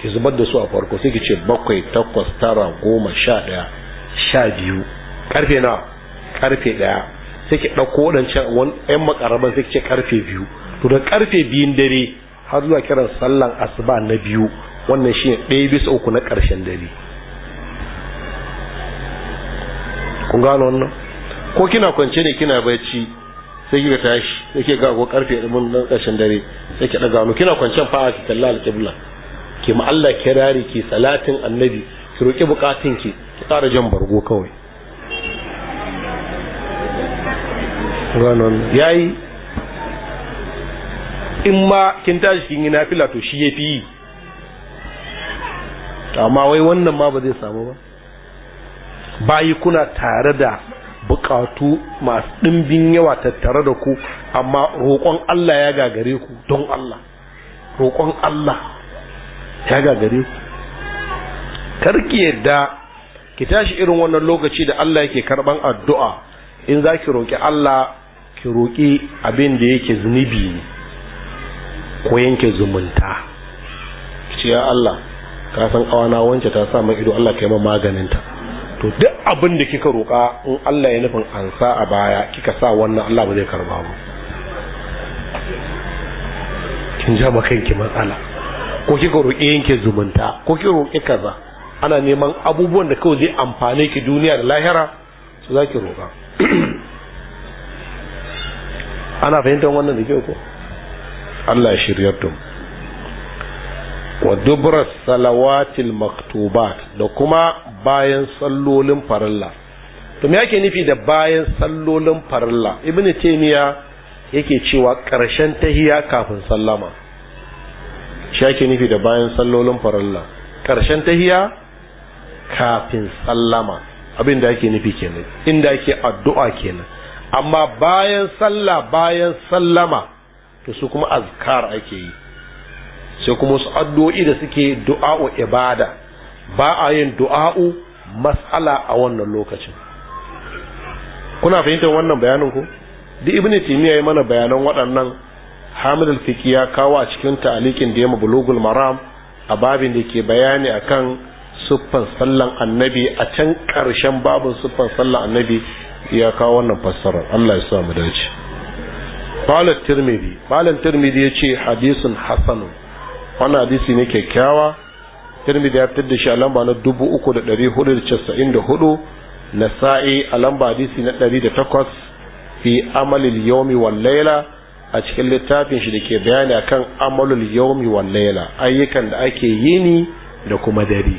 ki zubar da su a farko sai ke ce bakwai takwas tara goma sha ɗaya sha biyu karfe nawa karfe ɗaya sai ki ɗauko waɗancan ƴan makaraban sai ki ce karfe biyu to da karfe biyun dare har zuwa kiran sallan asuba na biyu wannan shine ɗaya bisa uku na ƙarshen dare kun gano wannan ko kina kwance ne kina bacci sai kika tashi sai kika ga ko karfe mun nan ƙarshen dare sai ki daga mu kina kwance fa ki kalla alqibla ki ma Allah kirari ki salatin annabi ki roki bukatun ki ki ƙara jan bargo kawai yayi in ma kin tashi kin yi nafila to shi yafi yi amma wai wannan ma ba zai samu ba bayi kuna tare da buƙatu masu ɗimbin yawa tattare da ku amma roƙon Allah ya gagare ku don Allah roƙon Allah ya gagare ku karki yadda ki tashi irin wannan lokaci da Allah yake karban addu'a in za ki roƙi Allah ki roƙi abin da yake zunubi ne ko yanke zumunta ce ya Allah ka san kawana wance ta sa mai ido Allah ka yi maganin ta to duk abin da kika roƙa in Allah ya nufin ansa a baya kika sa wannan Allah ba zai karba ba kin ja ma kanki matsala ko kika roƙi yanke zumunta ko kika roƙi kaza ana neman abubuwan da kawai zai amfane ki duniya da lahira su zaki roƙa ana fahimtar wannan da kyau ko Allah ya shiryar da wa dubra salawatil maktubat da kuma bayan sallolin farilla to me yake nufi da bayan sallolin faralla. ibnu taymiya yake cewa karshen tahiya kafin sallama shi yake nufi da bayan sallolin faralla. karshen tahiya kafin sallama abin da yake nufi kenan inda yake addu'a kenan amma bayan sallah bayan sallama to su kuma azkar ake yi sai kuma su addu'o'i da suke du'a'u ibada ba a yin du'a'u mas'ala a wannan lokacin kuna fahimtar wannan bayanin ku duk ibnu timiya mana bayanan waɗannan hamid al ya kawo a cikin ta'alikin da ya bulugul maram a babin da ke bayani akan siffan sallan annabi a can ƙarshen babin siffan sallan annabi ya kawo wannan fassarar Allah ya sa mu dace Malam tirmidhi malam tirmidhi yace hadisin hasan wannan hadisi ne kyakkyawa tirmidhi ya fitar da shi a lamba na 3494 nasa'i a lamba hadisi na 108 fi amalil yawmi wal layla a cikin littafin shi da ke bayani akan amalul yawmi wal layla ayyukan da ake yi ni da kuma dare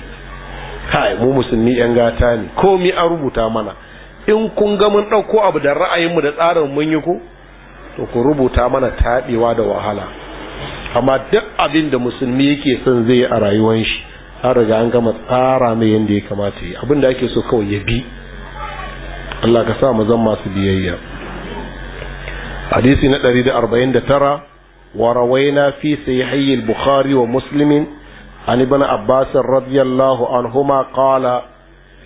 kai mu musulmi yan gata ne komi an rubuta mana in kun ga mun ɗauko abu da ra'ayinmu da tsarin mun yi ku to ku rubuta mana taɓewa da wahala amma duk abin da musulmi yake son zai yi a rayuwar shi an riga an gama tsara mai yadda ya kamata yi abin da ake so kawai ya bi Allah ka sa mu zan masu biyayya hadisi na 149 wa rawaina fi sahihi al-bukhari wa muslim an ibn abbas radiyallahu anhuma qala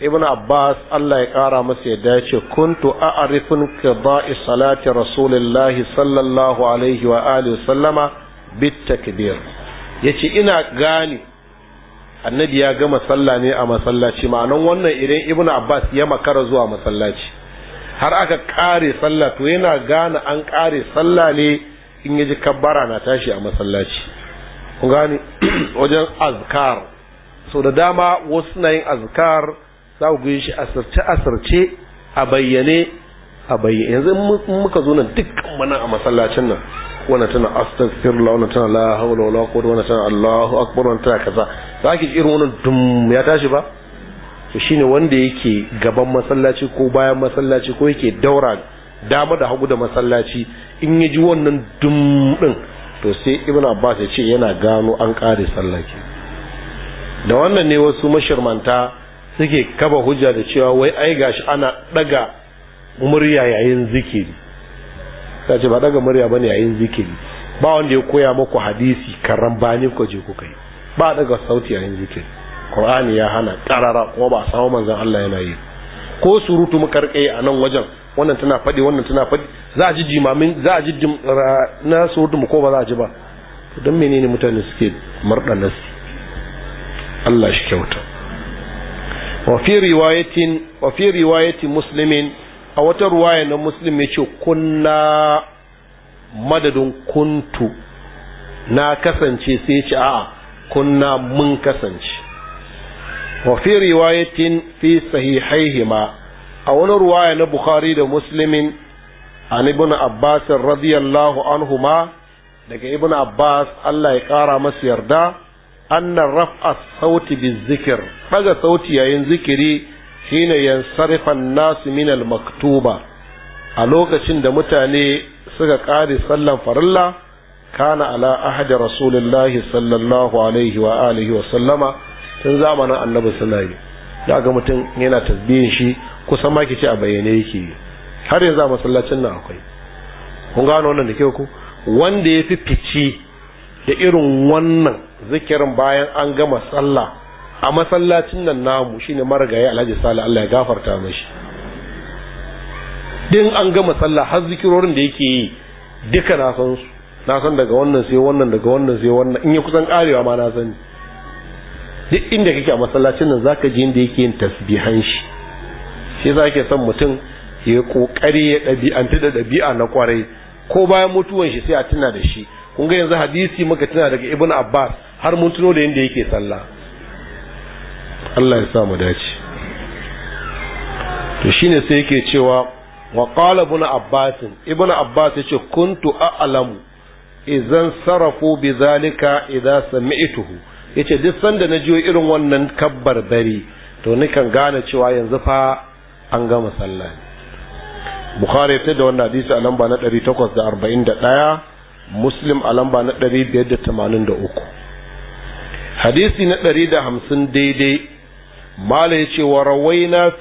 ibn abbas allah ya kara masa ya dace kuntu a'rifun qada'i salati rasulillahi sallallahu alaihi wa alihi sallama bitakbir yace ina gane annabi ya gama sallah ne a masallaci ma'anan wannan idan ibn abbas ya makara zuwa masallaci har aka kare sallah to yana gane an kare sallah ne in ya ji kabbara na tashi a masallaci kun gane wajen azkar so da dama wasu na yin azkar za ku shi asirce asirce a bayyane a bayyane yanzu muka zo nan dukkan mana a masallacin nan wannan tana astaghfirullah wannan tana la hawla wala quwwata wannan tana Allahu akbar wannan tana kaza za ki irin wannan dum ya tashi ba to shine wanda yake gaban masallaci ko bayan masallaci ko yake daura dama da hagu da masallaci in ya ji wannan dum din to sai ibn abbas ya ce yana gano an kare sallaki da wannan ne wasu mashirmanta suke kaba hujja da cewa wai ai gashi ana daga murya yayin zikiri ta ce ba daga murya bane yayin zikiri ba wanda ya koya muku hadisi bani ko je ku kai ba daga sauti yayin zikiri qur'ani ya hana karara ko ba sawo manzon Allah yana yi ko surutu mu karkai a nan wajen wannan tana faɗi wannan tana faɗi za a ji jimamin za a ji na surutu mu ko ba za a ji ba don menene mutane suke murdanasi Allah shi kyauta wa fi riwayatin wa a wata ruwaya na muslim yace kunna madadin kuntu na kasance sai ce kunna mun kasance wa fi riwayatin fi sahihaihima a wani ruwaya na bukhari da muslimin an ibn abbas radiyallahu ma daga ibn abbas Allah ya kara masu yarda anna raf'a sauti bizikir daga sauti yayin zikiri shine yansarifa an-nas min al-maktuba a lokacin da mutane suka kare sallan farilla kana ala ahadi rasulullahi sallallahu alaihi wa alihi wa sallama tun zamanin annabi suna yi da ga mutum yana tasbihin shi kusan ma kici a bayyane yake har yanzu a masallacin nan akwai kun gano wannan da ke ku wanda ya fi fici da irin wannan zikirin bayan an gama sallah a masallacin nan namu shine marigayi alhaji sale Allah ya gafarta mashi din an gama sallah har zikirorin da yake yi duka na san su na san daga wannan sai wannan daga wannan sai wannan in ya kusan karewa ma na sani duk inda kake a masallacin nan zaka je inda yake yin tasbihan shi shi yasa san son mutum ya kokari ya dabi'anta da ɗabi'a na kwarai ko bayan mutuwan shi sai a tuna da shi kun ga yanzu hadisi muka tana daga ibn abbas har mun tuno da yadda yake sallah Allah ya sa mu dace to shine sai yake cewa wa qala ibn abbas ibn abbas yace kuntu a'lamu idan sarafu bi zalika idza sami'tuhu yace duk sanda na jiyo irin wannan kabbar bari to ni kan gane cewa yanzu fa an gama sallah bukhari ta da wannan hadisi a lamba na 841 muslim a lamba na 583 hadisi na 150 daidai mala ya ce wa na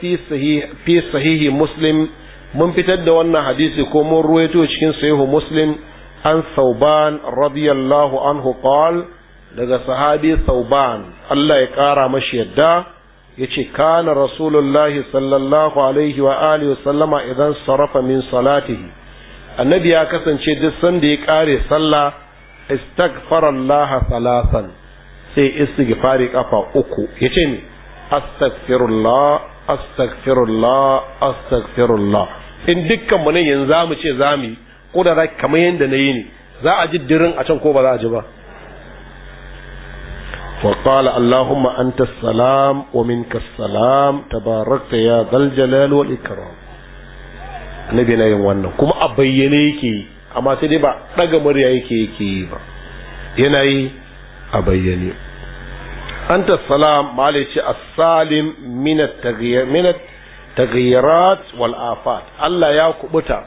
fi sahihi muslim mun fitar da wannan hadisi ko mun ruwaito cikin sahihu muslim an sauban radiyallahu an hukal daga sahabi sauban Allah ya kara mashi yadda ya ce kana rasulullahi sallallahu alaihi wa alihi wasallama sallama idan sarafa min salatihi annabi ya kasance duk sanda ya kare sallah istaghfarallaha salasan sai istighfari kafa uku yace ni astaghfirullah astaghfirullah astaghfirullah in dukkan mu ne yanzu zamu ce zamu kudara kamar yanda nayi ne za a ji dirin a can ko ba za a ji ba وقال اللهم أنت السلام ومنك السلام تباركت يا ذا الجلال والإكرام annabi yana yin wannan kuma a bayyane yake yi amma sai dai ba daga murya yake yake yi ba yana yi a bayyane anta salam malice as-salim min at-taghyirat wal afat Allah ya kubuta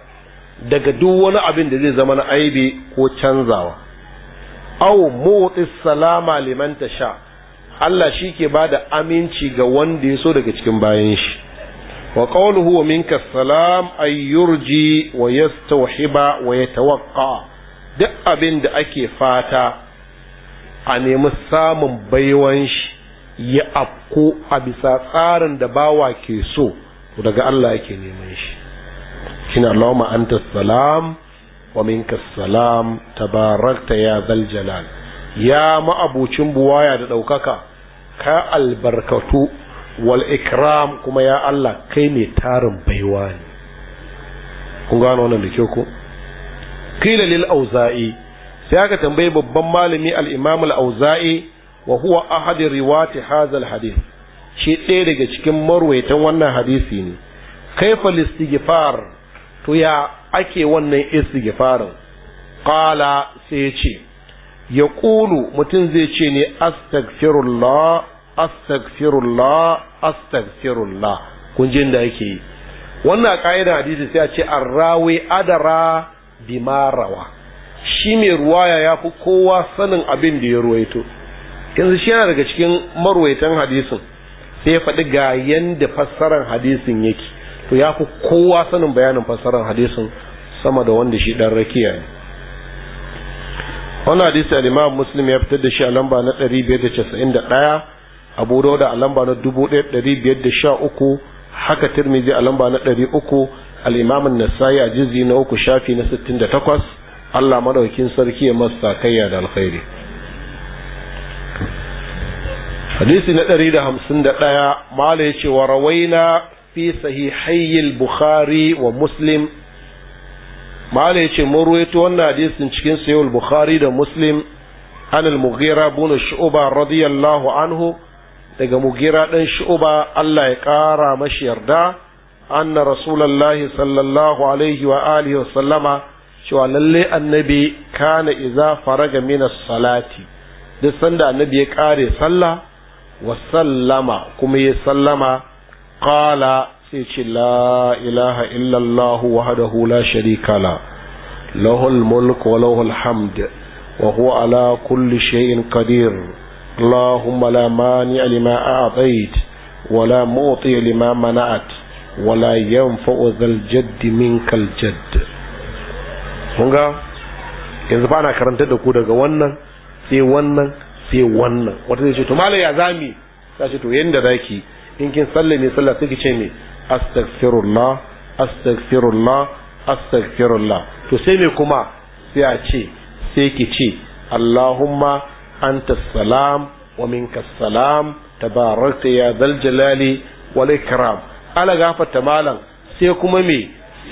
daga duk wani abin da zai zama na aibi ko canzawa aw mutis salama limanta sha Allah shi ke ba da aminci ga wanda ya so daga cikin bayan shi wa qawluhu wa minka salam ay yurji wa yastawhiba wa duk abin da ake fata a nemi samun baiwan shi ya afko a bisa tsarin da bawa ke so to daga Allah yake neman shi shine Allahumma anta salam wa minka salam tabarakta ya zal jalal ya ma'abucin buwaya da ɗaukaka ka albarkatu wal ikram kuma ya Allah kai mai tarin baiwa ne kun gano wannan da kyau ko qila lil auza'i sai aka tambaye babban malami al imam al auza'i wa huwa ahad riwati hadha al hadith shi ɗaya daga cikin marwaitan wannan hadisi ne kaifa listighfar to ya ake wannan istighfarin qala sai ya ce yaqulu mutum zai ce ne astaghfirullah astaghfirullah astaghfirullah kun ji da yake yi wannan ka'idar hadisi sai a ce arrawi adara bima rawa shi mai ruwaya ya fi kowa sanin abin da ya ruwaito yanzu shi yana daga cikin marwaitan hadisin sai ya faɗi ga yanda fassarar hadisin yake to ya fi kowa sanin bayanin fassarar hadisin sama da wanda shi dan rakiya ne wannan hadisi al-imam ya fitar da shi a lamba na 591 abu dauda a lamba na dubu ɗaya ɗari biyar da sha uku haka tirmidhi a lamba na ɗari uku al'imamin nasai a jizi na uku shafi na sittin da takwas allah madaukin sarki ya masa kayya da alkhairi hadisi na ɗari da hamsin da ɗaya mala ya ce wa rawaina fi sahihayyil bukhari wa muslim mala ya ce mun ruwaito wannan hadisin cikin sayo bukhari da muslim an al-mughira bin shu'ba radiyallahu anhu daga mugira ɗan shu'uba Allah ya ƙara mashi yarda anna rasulallahi sallallahu alaihi wa alihi wa sallama cewa lalle annabi kana iza faraga mina salati duk sanda annabi ya ƙare sallah wa sallama kuma ya sallama qala sai ce la ilaha illallah wahdahu la sharika la lahul mulk wa lahul hamd wa huwa ala kulli shay'in qadir اللهم لا مانع لما أعطيت ولا معطي لما منعت ولا ينفع ذا الجد منك الجد kunga yanzu ba na karanta da ku daga wannan sai wannan sai wannan wata zai ce to malai ya zami ta ce to yanda ki in kin sallame sallah sai ki ce me astaghfirullah astaghfirullah astaghfirullah to sai me kuma sai a ce sai ki ce allahumma anta salam wa minka salam tabarakta ya zal jalali wal ikram ala gafarta malam sai kuma me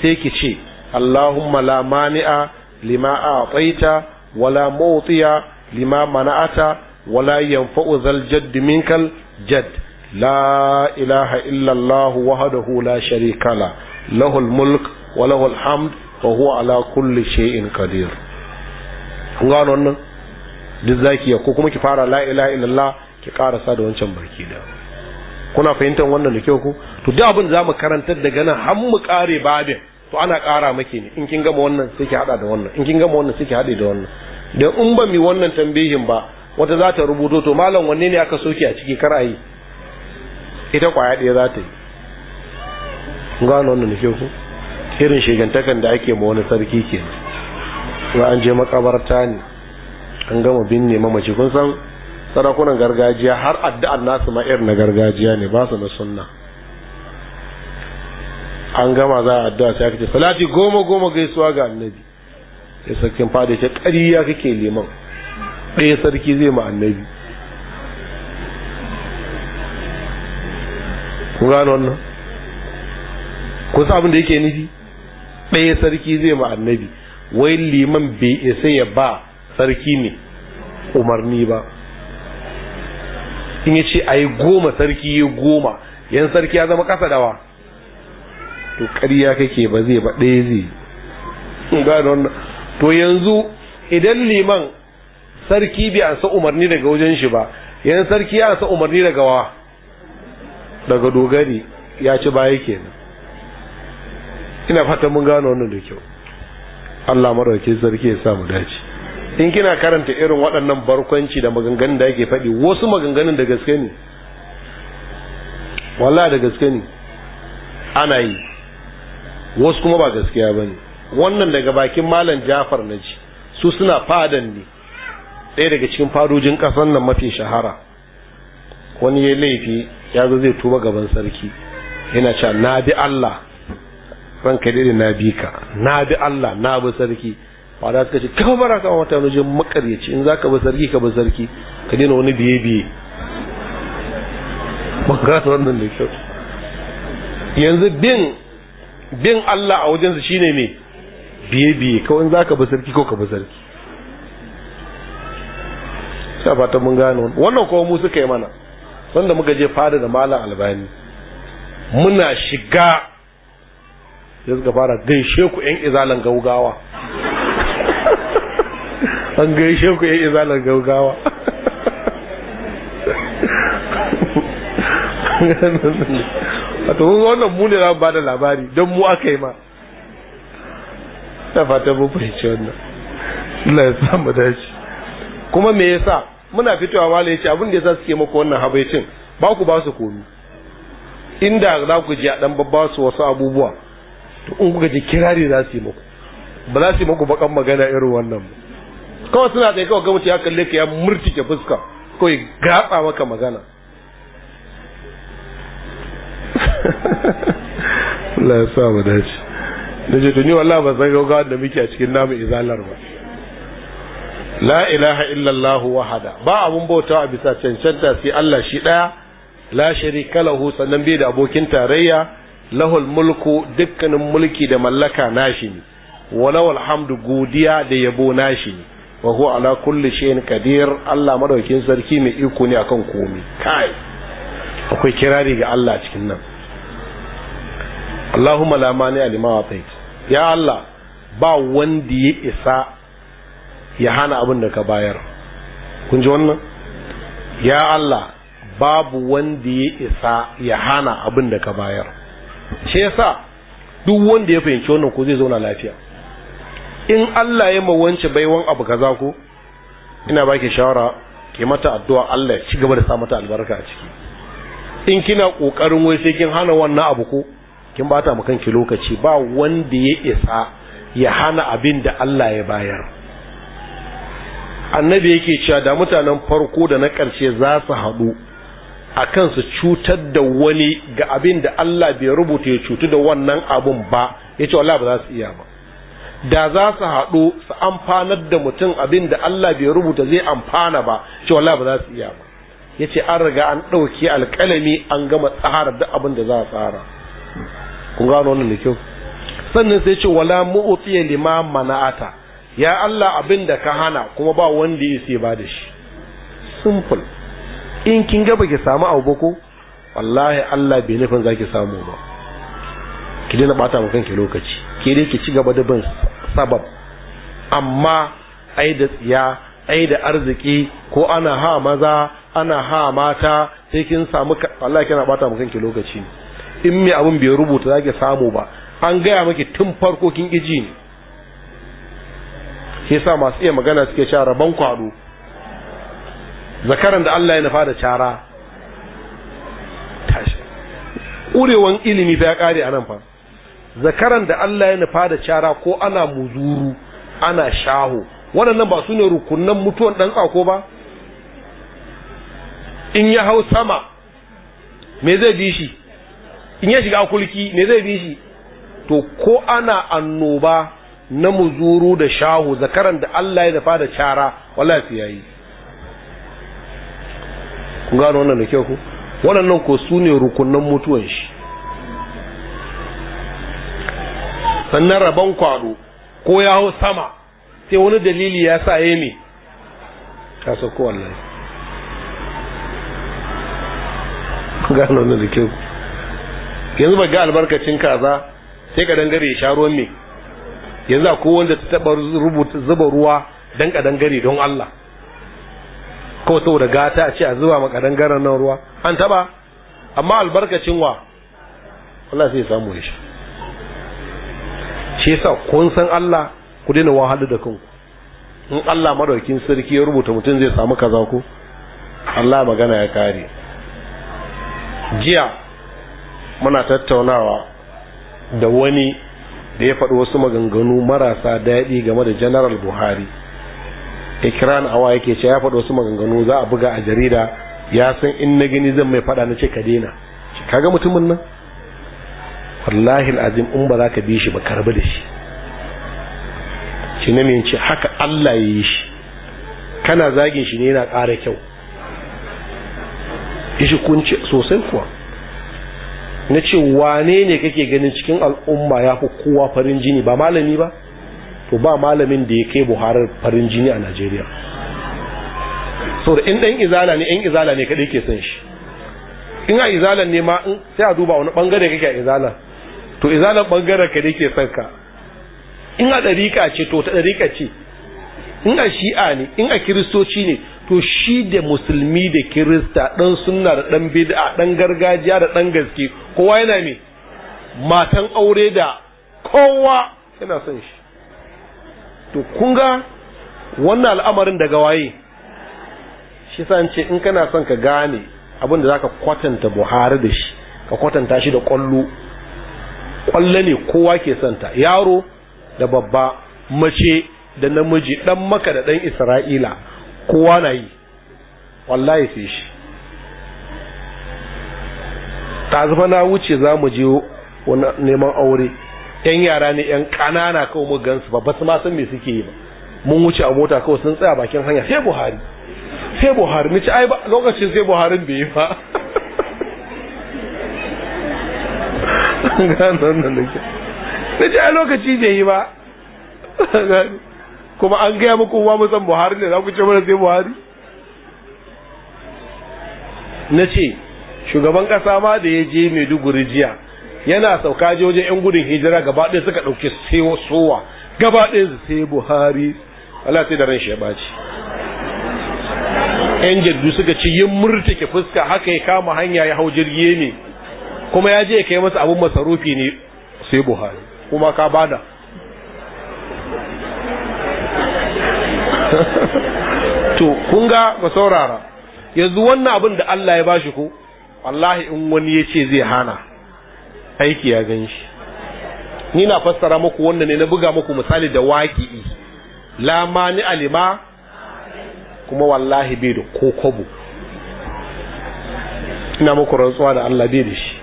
sai ki ce allahumma la mani'a lima a'taita wala mu'tiya lima mana'ata wala yanfa'u zal jadd minkal jadd la ilaha illa allah wahdahu la sharika la lahu al mulk wa lahu al hamd wa huwa ala kulli shay'in qadir kun gano wannan duk zaki ko kuma ki fara la ilaha illallah ki karasa da wancan barki da kuna fahimtar wannan da kyau ku to duk abin zamu karantar daga nan har mu kare babin to ana kara maki ne in kin gama wannan sai ki hada da wannan in kin gama wannan sai ki hada da wannan dan in ba mi wannan tambayin ba wata za ta rubuto to malam wanne ne aka soki a ciki kar ayi ita kwaya ɗaya za ta yi gano wannan da kyau ku irin shigantakan da ake ma wani sarki kenan in an je makabarta ne an gama binne mamaci kun san sarakunan gargajiya har addu'ar nasu ma irin na gargajiya ne ba su na sunna an gama za a addu'a sai aka ce salati goma goma gaisuwa ga annabi sai sarkin fada ce ƙariya kake liman ɗaya sarki zai ma annabi Kun gano wannan ku san abin da yake nufi ɗaya sarki zai ma annabi wai liman bai isa ya ba sarki ne umarni ba in ce a yi goma sarki ya goma yan sarki ya zama kasa dawa to ƙarya kake ba zai ba ɗaya zai gano wannan to yanzu idan liman sarki bai ansa umarni daga wajen shi ba yan sarki ya ansa umarni daga wa daga dogari ya ci baya kenan ina fatan mun gano wannan da kyau Allah marauke sarki ya sa mu dace in kina karanta irin waɗannan barkwanci da maganganun da ake faɗi wasu maganganun da gaske ne walla da gaske ne ana yi wasu kuma ba gaskiya ba ne wannan daga bakin malam jafar na ji su suna fadan ne ɗaya daga cikin fadojin ƙasar nan mafi shahara wani ya laifi ya zo zai tuba gaban sarki yana cewa na bi Allah ranka dai na bi ka na bi Allah na bi sarki da suka ce kafa bara ka wata wani jin makaryaci in zaka ba sarki ka ba sarki ka daina wani biye biye ban gano wannan da kyau yanzu bin bin Allah a wajensu shine me biye biye kawai in zaka ba sarki ko ka ba sarki ta fata mun gano wannan kuma mu suka yi mana sanda muka je fada da malam albani muna shiga ya suka fara gaishe ku yan izalan gaugawa an gaishe ku yayin izalar gaugawa wato mun wannan mu ne za mu bada labari don mu aka yi ma ta fata mun fahimci wannan Allah ya sa mu dace kuma me yasa muna fitowa wala yace abin da yasa suke muku wannan habaicin ba ku ba su komi inda za ku ji a dan babba su wasu abubuwa to in kuka ji kirari za su yi muku ba za su yi muku bakan magana irin wannan ba kawai suna tsaye kawai gamuci ya kalle ka ya murtike fuska kawai gaba maka magana Allah ya sa mu dace da ce tuni wallahi ba san gaugawa da muke a cikin namu izalar ba la ilaha illallah wahada ba abun bauta a bisa cancanta sai Allah shi daya la sharika lahu sannan bai da abokin tarayya lahul mulku dukkanin mulki da mallaka nashi ne walawal hamdu godiya da yabo nashi ne wa huwa ala kulli shay'in qadir Allah madaukin sarki mai iko ne akan komai kai akwai kirari ga Allah cikin nan Allahumma la mani alima wa ya Allah ba wanda ya isa ya hana abin da ka bayar kun ji wannan ya Allah babu wanda ya isa ya hana abin da ka bayar shi yasa duk wanda ya fahimci wannan ko zai zauna lafiya in Allah ya wance baiwan abu kaza ko ina baki shawara ke mata addu'a Allah ya ci gaba da sa mata albarka a ciki in kina kokarin wai sai kin hana wannan abu ko kin bata mu kanki lokaci ba wanda ya isa ya hana abin da Allah ya bayar annabi yake cewa da mutanen farko da na ƙarshe za su haɗu a kan su cutar da wani ga abin da Allah bai rubuta ya cutu da wannan abun ba ya ce Allah ba za su iya ba da za su haɗu su amfanar da mutum abin da Allah bai rubuta zai amfana ba ce wala ba za su iya ba ya ce an riga an ɗauki alƙalami an gama tsara duk abin da za a tsara kun gano wannan da kyau sannan sai ce wala mu'tiya lima mana'ata ya Allah abin da ka hana kuma ba wanda ya ba da shi simple in kin ga baki samu abu ko wallahi Allah bai nufin zaki samu ba ki dena bata mu kanki lokaci ke da ki ci da bin sabab amma ai da tsiya ai da arziki ko ana ha maza ana ha mata sai kin samu Allah kina bata mu kanki lokaci in me abin bai rubuta zaki samu ba an gaya miki tun farko kin iji ne shi yasa masu iya magana suke cewa rabon kwado zakaran da Allah ya nufa da cara tashi urewan ilimi fa ya kare anan fa zakaran da Allah ya nufa da cara ko ana muzuru ana shaho waɗannan ba su ne rukunan mutuwan ɗan tsako ba in ya hau sama me zai bi shi in ya shiga kulki me zai bi shi to ko ana annoba na muzuru da shahu zakaran da Allah ya nufa da cara wallahi su yayi kun gano wannan da kyau ku waɗannan ko su ne rukunan mutuwan shi sannan rabon kwado ko ya hau sama sai wani dalili ya sa ya me ka sauko wallahi gano na da kyau yanzu ba ga albarkacin kaza sai ka dangare ya sha ruwan me yanzu a kowanda ta taba rubuta zuba ruwa don ka dangare don Allah kawai saboda gata a ce a zuba maka dangaren nan ruwa an taba amma albarkacin wa Allah sai ya samu ya sha shi yasa kun san Allah ku daina wahalu da kanku in Allah madaukin sarki ya rubuta mutum zai samu kaza ko Allah magana ya kare jiya muna tattaunawa da wani da ya faɗi wasu maganganu marasa daɗi game da general buhari ikran awa yake ce ya faɗi wasu maganganu za a buga a jarida ya san in na gani zan mai faɗa na ce ka daina kaga mutumin nan wallahi alazim in ba za ka bi shi ba karbi da shi shi ne ce haka Allah ya yi shi kana zagin shi ne yana ƙara kyau ishi kunci sosai kuwa na ce wane ne kake ganin cikin al'umma ya fi kowa farin jini ba malami ba to ba malamin da ya kai buharar farin jini a najeriya da in ɗan izala ne ɗan izala ne kaɗai ke son shi in a izalan ne ma sai a duba wani ɓangare kake a izalan to izala bangaren ka dake son ka in a ɗariƙa ce to ta ɗariƙa ce in a shi'a ne in a kiristoci ne to shi da musulmi da kirista ɗan sunna da ɗan bid'a ɗan gargajiya da ɗan gaske kowa yana ne, matan aure da kowa yana son shi to kun ga wannan al'amarin daga waye shi sa ce in kana son ka gane abin da zaka kwatanta Buhari da shi ka kwatanta shi da kwallo kwallo ne kowa ke santa yaro da babba mace da namiji dan maka da dan isra'ila kowa na yi wallahi sai shi ta na wuce za mu je neman aure yan yara ne yan kanana kawo mu gansu ba basu ma san me suke yi ba mun wuce a mota kawai sun tsaya bakin hanya sai buhari sai buhari ni ci ai ba lokacin sai buharin bai yi ba gane wannan da na ce a lokaci bai yi ba kuma an gaya muku wa musan buhari ne za ku ce mana sai buhari na ce shugaban kasa ma da ya je maiduguri jiya yana sauka je wajen yan gudun hijira gaba ɗaya suka ɗauki sowa gaba ɗaya su sai buhari Allah sai da ran shi ya ɓaci yan jaddu suka ci yin murtake fuska haka ya kama hanya ya hau jirgi ne kuma ya je ya kai masa abun masarufi ne sai buhari kuma ka bada to kun ga ba saurara yanzu wannan abin da Allah ya bashi ko wallahi in wani ya ce zai hana aiki ya gan shi ni na fassara muku wannan ne na buga muku misali da waƙi'i la mani alima kuma wallahi bai da kokobo ina muku rantsuwa da Allah bai da shi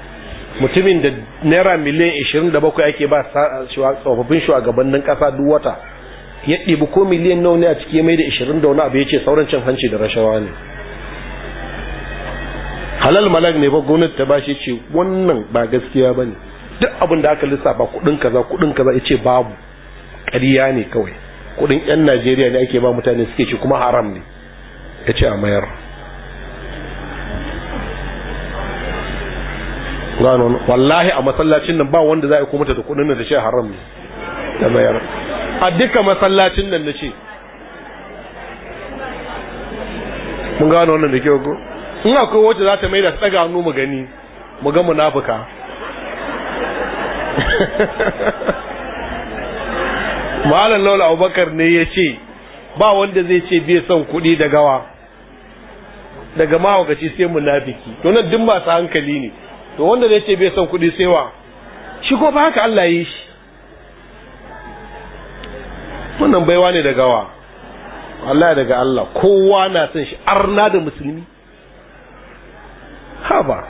mutumin da naira miliyan 27 ake ba tsofaffin shugabannin kasa duk wata ya ɗibi ko miliyan nawa ne a ciki mai da 20 da wani abu ya ce sauran cin hanci da rashawa ne halal malak ne ba gwamnati ta bashi ce wannan ba gaskiya ba ne duk abin da aka lissafa kuɗin kaza kuɗin kaza ya ce babu ƙarya ne kawai kuɗin 'yan najeriya ne ake ba mutane suke ci kuma haram ne ya ce a mayar gano wallahi a masallacin nan ba wanda za a kuma ta da kudin da shi haram ne da bayar a duka masallacin nan na ce mun gano wannan da ke ko in akwai wacce za ta mai da tsaga hannu mu gani mu ga munafuka malam laula abubakar ne ya ce ba wanda zai ce bai son kuɗi da gawa daga mahaukaci sai munafiki to nan duk masu hankali ne to wanda zai ce bai san kuɗi sai wa shi ko ba haka Allah yi shi wannan baiwa ne daga wa Allah daga Allah kowa na son shi arna da musulmi haba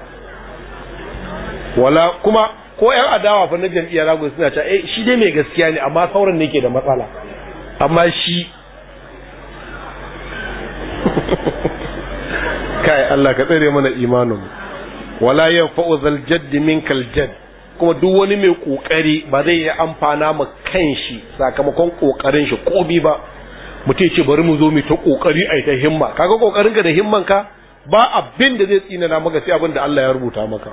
wala kuma ko 'yan adawa fa na jam'iyyar ragu suna ta eh shi dai mai gaskiya ne amma sauran ne ke da matsala amma shi kai Allah ka tsare mana imanin mu wala yanfa'u zal jadd minkal jadd kuma duk wani mai ƙoƙari ba zai yi amfana ma kan shi sakamakon ƙoƙarin shi ko bi ba mutum ce bari mu zo mu ta kokari ai ta himma kaga kokarin ka da himman ka ba abin da zai tsinana maka sai abin da Allah ya rubuta maka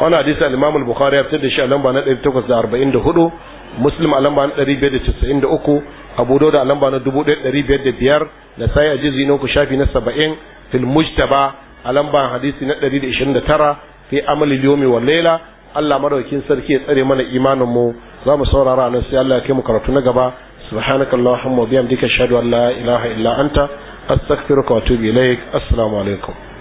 wannan hadisi al-Imam al-Bukhari ya fitar da shi a lamba na 1844 Muslim a lamba na 593 Abu Dawud a lamba na 1505 da sai a jizi na ku shafi na 70 fil mujtaba a lambar hadisi na 129 fi amali yomi wa laila Allah madaukin sarki ya tsare mana imanin mu za mu saurara nan sai Allah ya kai mu karatu na gaba subhanakallahumma wa bihamdika ashhadu an la ilaha illa anta astaghfiruka wa atubu ilaik assalamu alaikum